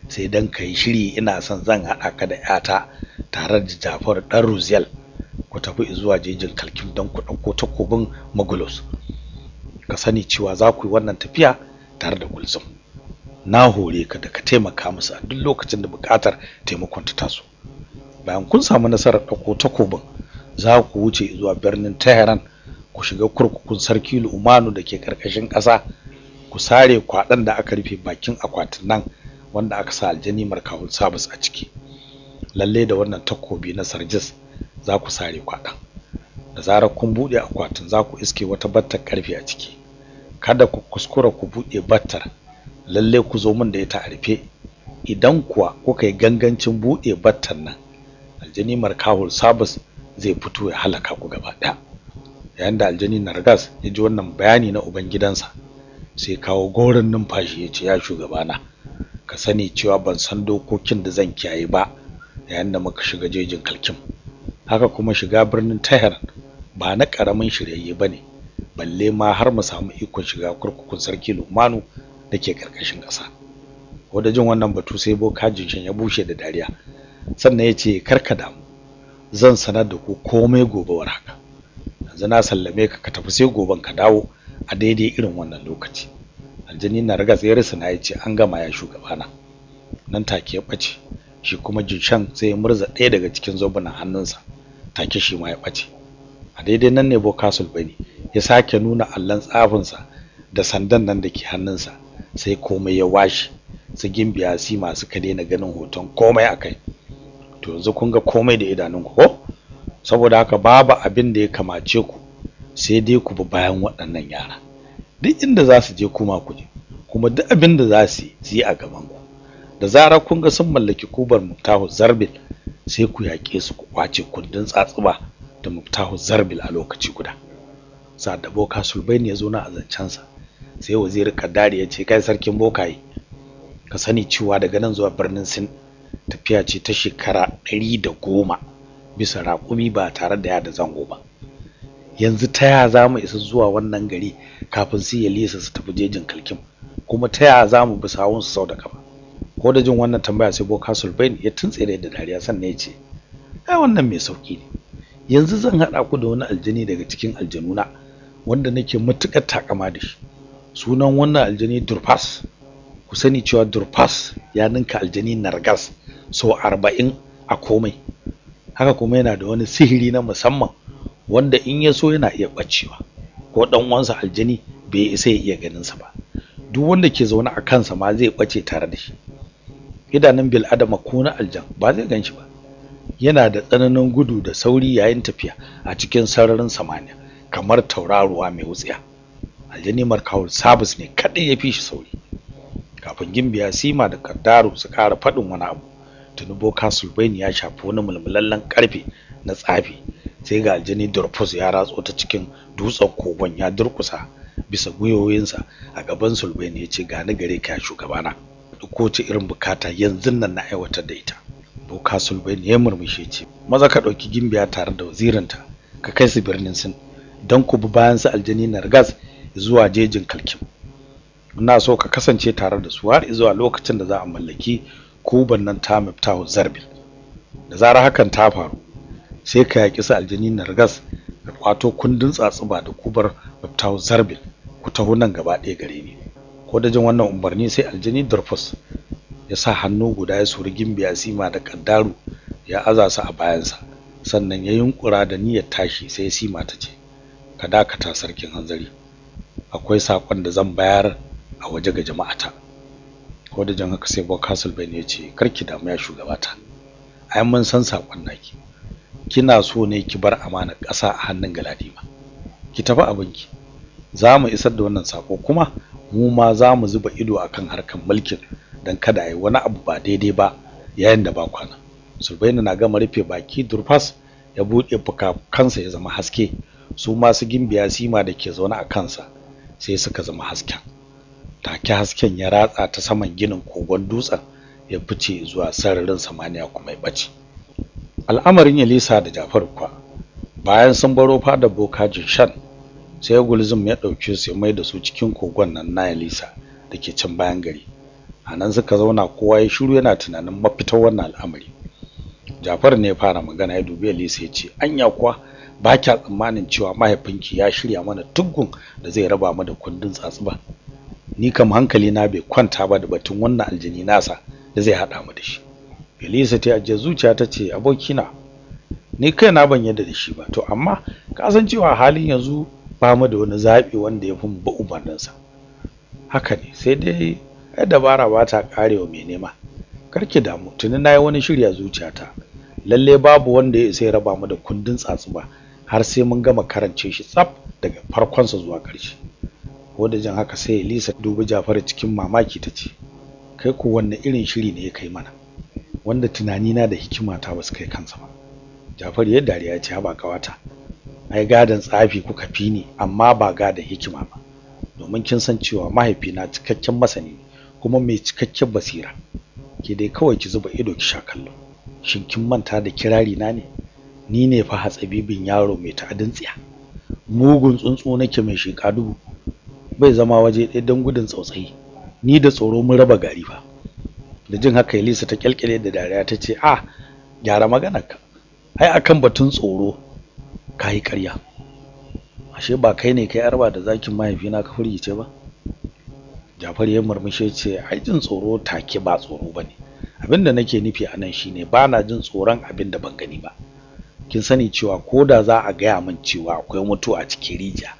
sai don ka yi shiri ina son zan haɗa ka da ta, tare da jafar ɗan ruzel ku tafi zuwa jejin kalkin don ku ɗauko takobin magulus ka sani cewa za ku yi wannan tafiya tare da gulzum na hore ka da ka taimaka musu a duk lokacin da buƙatar taimakon ta taso bayan kun samu nasarar ɗauko takobin za ku wuce zuwa birnin Tehran ku shiga kurkukun sarki Lumanu da ke ƙarƙashin ƙasa ku sare kwaɗan da aka rufe bakin akwatin nan wanda aka sa aljani markawul sabis a ciki lalle da wannan takobi na sarjis za ku sare kwaɗan da zarar kun buɗe akwatin za ku iske wata battar ƙarfe a ciki kada ku kuskura ku buɗe battar lalle ku zo min da ita a rufe idan kuwa kuka yi gangancin buɗe battar nan aljani markahul sabis zai fito ya halaka ku gaba ɗaya yayin da aljani nargas ya ji wannan bayani na ubangidansa sai kawo gorin numfashi ya ce ya shugabana ka sani cewa ban san dokokin da zan kiyaye ba yayin da muka shiga jejin kalkin haka kuma shiga birnin tahir ba na ƙaramin shiryayye ba ne balle ma har mu samu ikon shiga kurkukun sarki lumanu da ke ƙarƙashin ƙasa ko wannan batu sai boka jinshin ya bushe da dariya sannan ya ce karka damu zan sanar da ku komai gobe war haka yanzu na sallame ka ka tafi sai goben ka dawo a daidai irin wannan lokaci aljani na riga tsayarsa na ya ce an gama ya shugabana nan take ya ɓace shi kuma jinshan sai ya murza ɗaya daga cikin zobunan hannunsa take shi ma ya ɓace a daidai nan ne bokasul bane ya sake nuna allon tsafinsa da sandan nan da ke hannunsa sai komai ya washe su gimbiya masu ka daina ganin hoton komai a kai to yanzu kun ga komai da idanun ku ko saboda haka babu abin da ya kamace ku sai dai ku bi bayan waɗannan yara duk inda za su je kuma ku je kuma duk abin da za su yi a gaban ku da zarar kun ga sun mallaki kubar muftahu zarbil sai ku yaƙe su ku kwace kundin tsatsuba da muftahu zarbil a lokaci guda sa da boka sulbaini ya zo na a zancensa sai waziri kaddari ya ce kai sarkin bokaye ka sani cewa daga nan zuwa birnin sin tafiya ce ta shekara ɗari da goma bisa raƙumi ba tare da yada zango ba yanzu ta ya za mu isa zuwa wannan gari kafin su yi lisa su tafi jejin kalkin kuma ta ya za mu bi sawun su sau da kafa ko da jin wannan tambaya sai boka sulbain ya tuntse da dariya sannan ya ce ai wannan mai sauki ne yanzu zan haɗa ku da wani aljani daga cikin aljanuna wanda nake matuƙar takama da shi sunan wannan aljani durfas ku sani cewa durpas ya ninka aljani nargas sau arba'in a komai haka kuma yana da wani sihiri na musamman wanda in ya so yana iya bacewa ko ɗan uwansa aljani bai isa ya iya ganinsa ba duk wanda ke zaune a kansa ma zai ɓace tare da shi idanun bil adama ko na aljan ba zai ganshi ba yana da tsananin gudu da sauri yayin tafiya a cikin sararin samaniya kamar tauraruwa mai wutsiya aljani markawul sabis ne kaɗai ya fi shi sauri kafin gimbiya sima da kaddaru su kara faɗin wani abu tuni boka sulbaini ya shafi wani mulmulallen karfe na tsafi sai ga aljini durfus ya ratso ta cikin dutsen kogon ya durkusa bisa gwiwoyinsa a gaban sulbaini ya ce gani gare ka shugabana Duk wace irin bukata yanzu nan na aiwatar da ita boka sulbaini ya murmushe ce maza ka ɗauki gimbiya tare da wazirinta ka kai su birnin sin don ku bi bayan su aljini nargas zuwa jejin kalkim na so ka kasance tare da su har zuwa lokacin da za a mallaki kuban nan ta miftahu zarbil da zarar hakan ta faru sai ka yaƙi su aljini nargas da kwato kundin tsatsuba da kubar miftahu zarbil ku taho nan gaba ɗaya gare ni ko da jin wannan umarni sai aljini durfus ya sa hannu guda ya suri gimbiya sima da kaddaru ya aza su a bayansa sannan ya yunkura da niyyar tashi sai sima ta ce ka dakata sarkin hanzari akwai saƙon da zan bayar a waje ga jama'ata ko da jan haka sai Bob Castlebane ya ce karki damu ya shugabata ai mun san sakon naki kina so ne ki bar amanar ƙasa a hannun Galadima ki tafi abinki za mu isar da wannan sako kuma mu ma za mu zuba ido akan harkan mulkin dan kada a wani abu ba daidai ba yayin da ba kwana sulbaina na gama rufe baki durfas ya buɗe fukafukansa ya zama haske su masu gimbiya sima da ke zaune a kansa sai suka zama hasken take hasken ya ratsa ta saman ginin kogon dutsen ya fice zuwa sararin samaniya kuma ya bace al'amarin Elisa da Jafar kuwa bayan sun baro fadar Boka shan, sai Gulzum ya ɗauki su ya mai da su cikin kogon nan na Elisa dake can bayan gari a nan suka zauna kowa ya shiru yana tunanin mafitar wannan al'amari Jafar ne ya fara magana ya dubi Elisa ya ce anya kuwa ba kya tsammanin cewa mahaifinki ya shirya mana tuggun da zai raba mu da kundin tsatsuba ni kam hankali na bai kwanta ba da batun wannan aljini nasa da zai haɗa mu da shi Bilisa ta ajiye zuciya ta ce abokina ni kai na ban yadda da shi ba to amma ka san cewa halin yanzu ba mu da wani zaɓi wanda ya fi ba umarninsa haka ne sai dai ai dabara ba ta karewa mai nema karki damu tuni na yi wani shirya zuciyata lalle babu wanda ya isa ya raba mu da kundin tsatsuba har sai mun gama karance shi tsaf daga farkonsa zuwa ƙarshe wadda jin haka sai Elisa dubi Jafaru cikin mamaki ta ce kai ko wanne irin shiri ne ya kai mana wanda tunani na da hikima ta basu kai kansa ba Jafaru ya dariya ce ba kawata ai gadan tsafi kuka fi ni amma ba da hikima ba domin kin san cewa mahaifi na cikakken masani kuma mai cikakken basira ke dai kawai ki zuba ido ki sha kallo shin kin manta da kirari na ne ni ne fa hatsabibin yaro mai ta'adin tsiya mugun tsuntsu nake mai sheka dubu bai zama waje ɗaya don gudun tsautsayi ni da tsoro mun raba gari fa da jin haka Elisa ta kyalkyale da dariya ta ce a ah, gyara maganarka ai akan batun tsoro ka yi ƙarya ashe ba kai ne kai arba da zakin mahaifina ka firgice ba Jafar ya murmushe ce ai jin tsoro take ba tsoro ba ne, bane abinda nake nufi anan shine ba na jin tsoron abin da ban gani ba kin sani cewa ko da za a gaya min cewa akwai mutu a cikin rijiya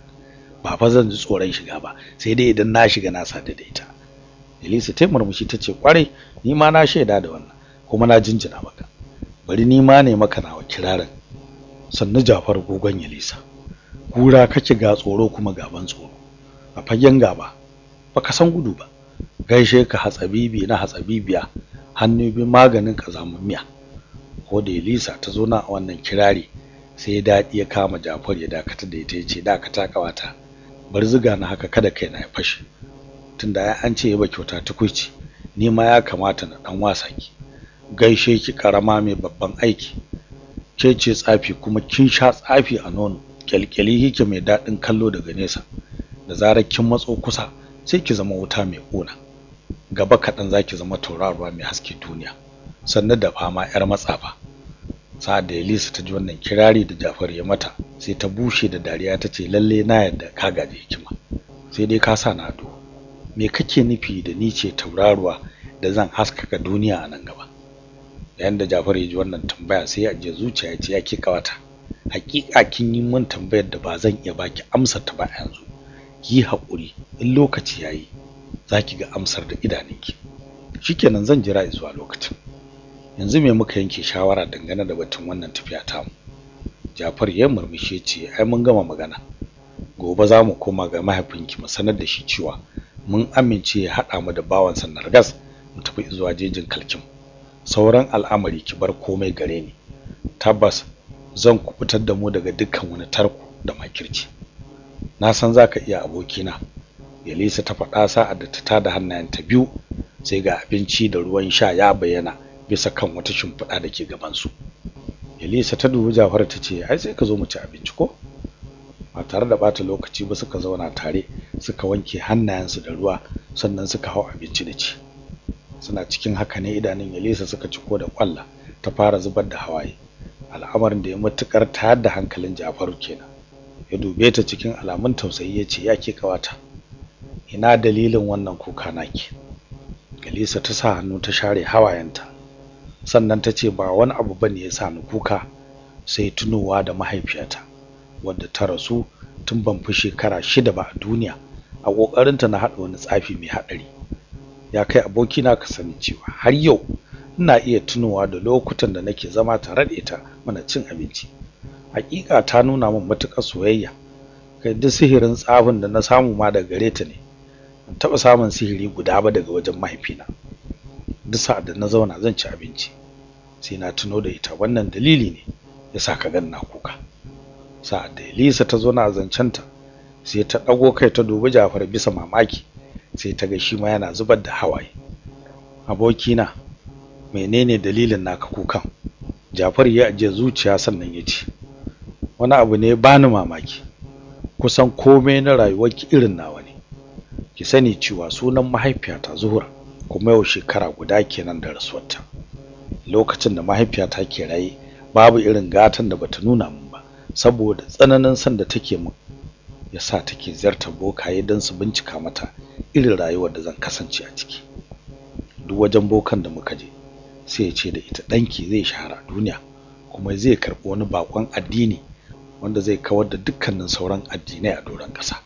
ba fa zan ji tsoron shiga ba sai dai idan na shiga na sa da ita Elisa ta murmushi ta ce kwarai ni ma na shaida da wannan kuma na jinjina maka bari ni ma ne maka nawa kirarin sannu Jafar gogon Elisa kura kake ga tsoro kuma gaban tsoro a fagen gaba baka san gudu ba gaishe ka hatsabibi na hatsabibiya hannu bi maganin miya. ko da Elisa ta zo na wannan kirari sai daɗi ya kama Jafar ya dakata da ita ya ce dakata kawata Barziga ziga na haka kada kai na ya fashi tunda ya an ce ba kyauta tukuici ni ma ya kamata na dan wasa ki gaishe ki karama mai babban aiki ke ce tsafi kuma kin sha tsafi a nono kyalkyali yake mai daɗin kallo daga nesa da zarar kin matso kusa sai ki zama wuta mai ƙona gaba kaɗan za ki zama tauraruwa mai haske duniya sannan da fama 'yar matsafa sa'ad da Elisa ta ji wannan kirari da Jafar ya mata sai ta bushe da dariya ta ce lalle na yadda ka gaje hikima sai dai ka sa na do me kake nufi da ni ce tauraruwa da zan haskaka duniya a nan gaba yayin da Jafar ya ji wannan tambaya sai ya je zuciya ya ce ya ke kawata hakika kin yi min tambayar da ba zan iya baki amsar ta ba yanzu yi haƙuri in lokaci yayi zaki ga amsar da idanunki shikenan zan jira zuwa lokacin yanzu me muka yanke shawara dangane da batun wannan tafiya tamu Jafar ya murmushe ce ai mun gama magana gobe za mu koma ga mahaifinki mu sanar da shi cewa mun amince ya haɗa mu da bawan sannan gas mu tafi zuwa jejin kalkin sauran al'amari ki bar komai gare ni tabbas zan kubutar da mu daga dukkan wani tarko da makirci na san zaka iya abokina Yalisa ta faɗa sa'a da ta tada ta biyu sai ga abinci da ruwan sha ya bayyana bisa kan wata shimfiɗa da ke su. Elisa ta dubi Jafar ta ce ai sai ka zo mu ci abinci ko ba tare da bata lokaci ba suka zauna tare suka wanke hannayensu da ruwa sannan suka hau abinci da ci suna cikin haka ne idanun Elisa suka ci ko da kwalla ta fara zubar da hawaye al'amarin da ya matukar tayar da hankalin Jafaru kenan ya dube ta cikin alamun tausayi ya ce ya ke kawata ina dalilin wannan kuka naki Elisa ta sa hannu ta share hawayenta sannan ta ce ba wani abu ba ne ya sa ni kuka sai tunowa da mahaifiyata wadda ta rasu tun ban fi shekara shida ba a duniya a ƙoƙarinta na haɗa wani tsafi mai haɗari ya kai abokina ka sani cewa har yau ina iya tunowa da lokutan da nake zama tare da ita muna cin abinci hakika ta nuna min matuƙar soyayya kai duk sihirin tsafin da na samu ma daga gare ne ban taɓa samun sihiri guda ba daga wajen mahaifina duk sa'ad da na zauna zan ci abinci sai na tuno da ita wannan dalili ne ya sa ka gan kuka sa'ad da Elisa ta zo na zancanta sai ta dago kai ta dubi Jafar bisa mamaki sai ta ga shi ma yana zubar da hawaye abokina menene dalilin naka kukan Jafar ya aje zuciya sannan ya ce wani abu ne bani mamaki kusan komai na rayuwarki irin nawa ne ki sani cewa sunan mahaifiyata Zuhura kuma yau shekara guda kenan da rasuwarta lokacin da mahaifiyata ke raye babu irin gatan da bata nuna min ba saboda tsananin san da take min yasa take ziyartar bokaye don su bincika mata irin rayuwar da zan kasance a ciki duk wajen bokan da muka je sai ya ce da ita ɗanki zai shahara duniya kuma zai karɓi wani bakon addini wanda zai kawar da dukkanin sauran addinai a doron ƙasa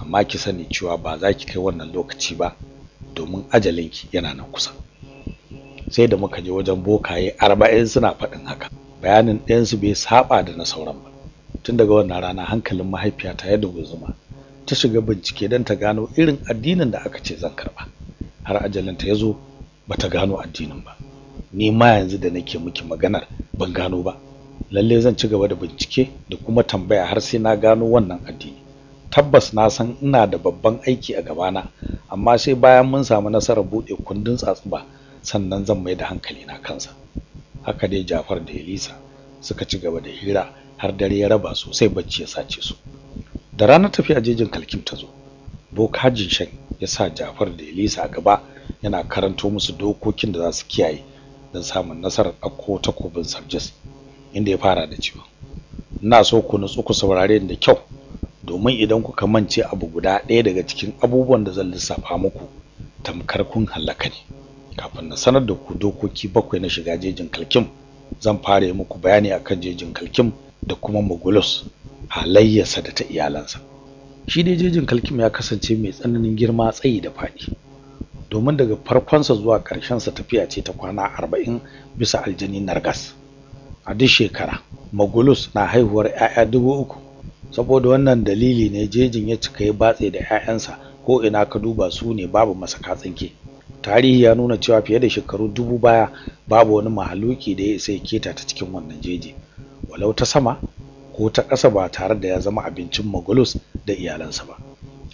amma ki sani cewa ba za ki kai wannan lokaci ba domin ajalinki yana nan kusa sai da muka je wajen bokaye arba'in suna faɗin haka bayanin ɗayansu bai saba da na sauran ba tun daga wannan rana hankalin mahaifiyata ya zuma ta shiga bincike don ta gano irin addinin da aka ce zan karɓa har ajalinta ya zo ba ta gano addinin ba ni ma yanzu da nake miki maganar ban gano ba lalle zan ci gaba da bincike da kuma tambaya har sai na gano wannan addini tabbas na san ina da babban aiki a gabana amma sai bayan mun samu nasarar buɗe kundin tsatsuba sannan zan mai da hankali na kansa haka dai jafar da elisa suka ci gaba da hira har dare ya raba su sai bacci ya sace su da ranar tafiya jejin kalkin ta zo bokajin shan ya sa jafar da elisa a gaba yana karanto musu dokokin da za su kiyaye don samun nasarar ta takobin sabjis, inda ya fara da cewa ina so ku nutsu ku saurare da kyau domin idan kuka mance abu guda ɗaya daga cikin abubuwan da zan lissafa muku tamkar kun halaka ne kafin na sanar da ku dokoki bakwai na shiga jejin kalkim zan fara yi muku bayani akan jejin kalkim da kuma mugulus halayyarsa da ta iyalansa shi dai jejin kalkim ya kasance mai tsananin girma tsayi da faɗi domin daga farkonsa zuwa ƙarshensa tafiya ce ta kwana arba'in bisa aljani nargas a duk shekara magulus na haihuwar 'ya'ya dubu uku saboda wannan dalili ne jejin ya cika ya batse da 'ya'yansa ko ina ka duba su ne babu masaka tsinke tarihi ya nuna cewa fiye da shekaru dubu baya babu wani mahaluki da ya isa ya keta ta cikin wannan jeji walau ta sama ko ta ƙasa ba tare da ya zama abincin magulus da iyalansa ba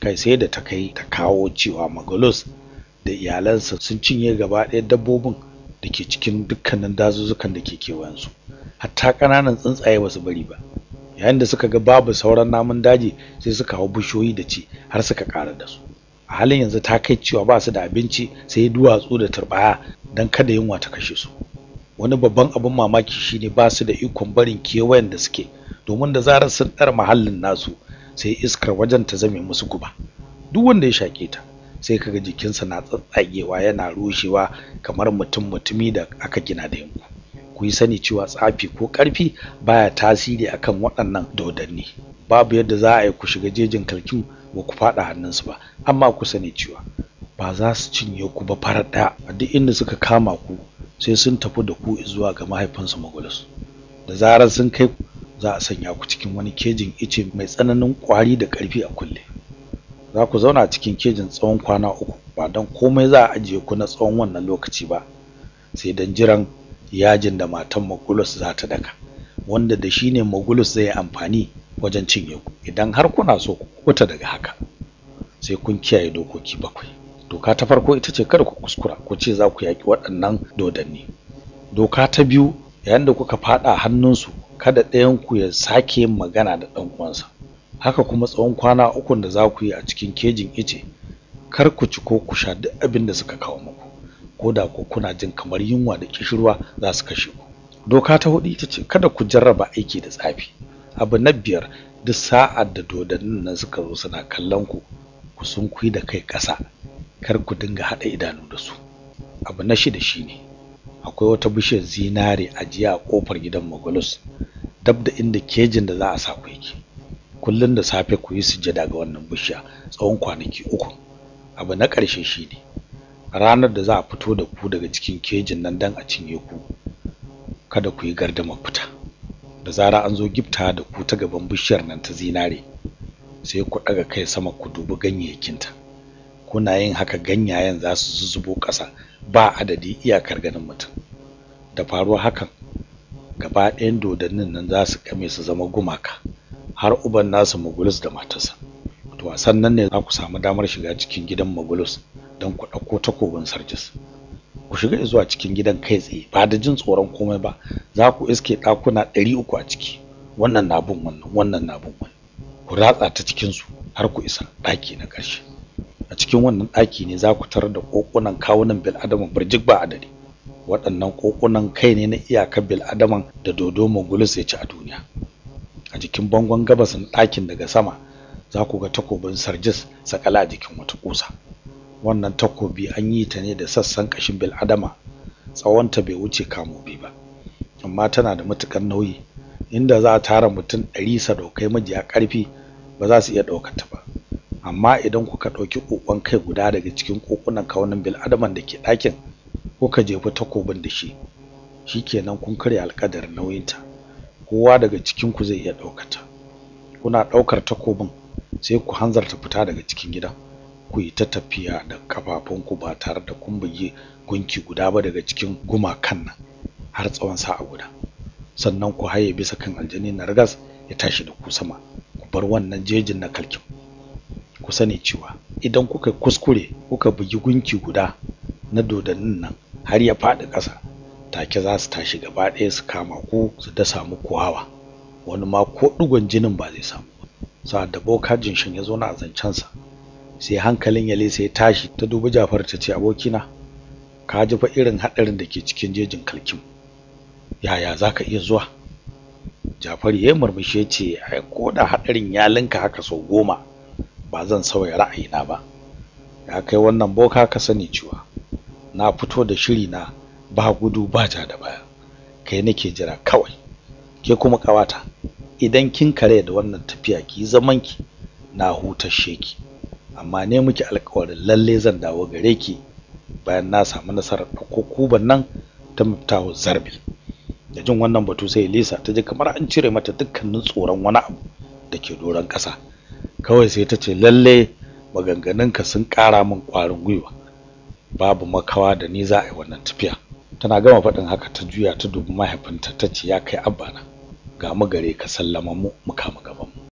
kai sai da ta kai ta kawo cewa magulus da iyalansa sun cinye gaba ɗaya dabbobin da ke cikin dukkanin dazuzzukan da ke kewayensu hatta ƙananan tsuntsaye ba su bari ba yayin da suka ga babu sauran namun daji sai suka hau bishiyoyi da ci har suka ƙara da su a halin yanzu ta kai cewa ba su da abinci sai duwatsu da turbaya don kada yunwa ta kashe su wani babban abin mamaki shine ba su da ikon barin kewayen da suke domin da zarar sun ɗar mahallin nasu sai iskar wajen ta zame musu guba duk wanda ya shaƙe ta sai kaga jikinsa na tsattsagewa, yana rushewa kamar mutum mutumi da aka gina da yanku ku yi sani cewa tsafi ko ƙarfi baya tasiri akan waɗannan dodanni babu yadda za a yi ku shiga jejin kalkin ba ku faɗa hannunsu ba amma ku sani cewa ba za su cinye ku ba farar ɗaya a duk inda suka kama ku sai sun tafi da ku zuwa ga mahaifinsu magulus da zarar sun kai ku. za a sanya ku cikin wani kejin ice mai tsananin ƙwari da ƙarfi a kulle za ku zauna cikin kejin tsawon kwana uku ba don komai za a ajiye ku na tsawon wannan lokaci ba sai don jiran yajin da matan magulus za ta daka wanda da shi ne magulus zai amfani wajen cinye ku idan har kuna so ku kuta daga haka sai kun kiyaye dokoki bakwai doka ta farko ita ce kada ku kuskura ku ce za ku yaƙi waɗannan dodanni doka ta biyu yayin da kuka faɗa hannunsu kada ɗayan ku ya sake magana da ɗan uwansa haka kuma tsawon kwana ukun da za ku yi a cikin kejin ice kar ku ci ko ku sha duk abin da suka kawo muku ko da ko kuna jin kamar yunwa da kishirwa za su kashe ku doka ta hudu ita ce kada ku jarraba aiki da tsafi abu na biyar duk sa'ar da dodannin nan suka zo suna kallon ku ku sunkui da kai ƙasa kar ku dinga haɗa idanu da su abu na shida shine akwai wata bishiyar zinare a jiya a kofar gidan magulus dab da inda kejin da za a sa ku yake kullun da safe ku yi sujjada ga wannan bishiya tsawon kwanaki uku abu na ƙarshe shine ranar da za a fito da ku daga cikin kejin nan dan a cinye ku kada ku yi gardama fita da zara an zo gifta da ku ta gaban bishiyar nan ta zinare sai ku ɗaga kai sama ku dubi ganyayyakinta kuna yin haka ganyayen za su zuzubo ƙasa ba adadi iyakar ganin mutum da faruwa hakan gaba ɗayan dodannin nan za su kame su zama gumaka har uban nasu mugulus da matarsa to a sannan ne za ku samu damar shiga cikin gidan mugulus don ku ɗauko takobin sarjis ku shiga zuwa cikin gidan kai tsaye ba da jin tsoron komai ba za ku iske ɗakuna ɗari uku a ciki wannan na bin wannan wannan na bin wannan ku ratsa ta cikin su har ku isa ɗaki na karshe a cikin wannan ɗaki ne za ku tarar da ƙoƙunan kawunan adamu birjik ba adadi waɗannan ƙoƙunan kai ne na iyaka bil'adaman da dodo mongolus ya ci a duniya a jikin bangon gabasin ɗakin daga sama za ku ga takobin sarjis sakala a jikin wata ƙusa wannan takobi an yi ta ne da sassan kashin bil'adama tsawonta bai wuce kamo kamobi ba amma tana da matukar nauyi inda za a tara mutum ɗari sadaukai majiya ƙarfi ba za su iya ɗaukata ba amma idan kuka ɗauki ƙoƙon kai guda daga cikin ƙoƙunan kaunin bil'adaman da ke ɗakin kuka jefi takobin da shi shikenan kun karya alƙadar nauyinta kowa daga cikin ku zai iya ɗaukata. ta kuna ɗaukar takobin sai ku hanzarta fita daga cikin gidan ku yi ta tafiya da ƙafafunku ba tare da kun bugi gunki guda ba daga cikin gumakan nan har tsawon sa'a guda sannan ku haye bisa kan aljani na ragas ya tashi da ku sama ku bar wannan jejin na kalkin ku sani cewa idan kuka kuskure kuka bugi gunki guda na dodannin nan har ya faɗi ƙasa take za su tashi gaba ɗaya su kama ku su da samu kuwawa wani ma ko ɗigon jinin ba zai samu sa'ad da bokajin shin ya zo na a zancensa sai hankalin yale sai tashi ta dubi Jafar ta ce abokina ka ji fa irin hadarin da ke cikin jejin kalkin? yaya zaka iya zuwa Jafar ya murmushi ya ce ai ko da hadarin ya linka haka sau goma ba zan sauya ra'ayina ba ya kai wannan boka ka sani cewa na fito da shiri na ba gudu ba ja da baya kai nake jira kawai ke kuma kawata idan kin kare da wannan tafiya ki zaman ki na hutar sheki amma ne muke alƙawarin lalle zan dawo gare ki bayan na samu nasarar ɗauko kuban nan ta mutahu zarbi da jin wannan batu sai Lisa ta ji kamar an cire mata dukkanin tsoron wani abu da ke doron ƙasa kawai sai ta ce lalle ka sun ƙara min ƙwarin gwiwa babu makawa da ni za a yi wannan tafiya tana gama faɗin haka ta juya ta dubi mahaifinta ta ce ya kai abba na ga mu gare ka sallama mu muka mu gaban mu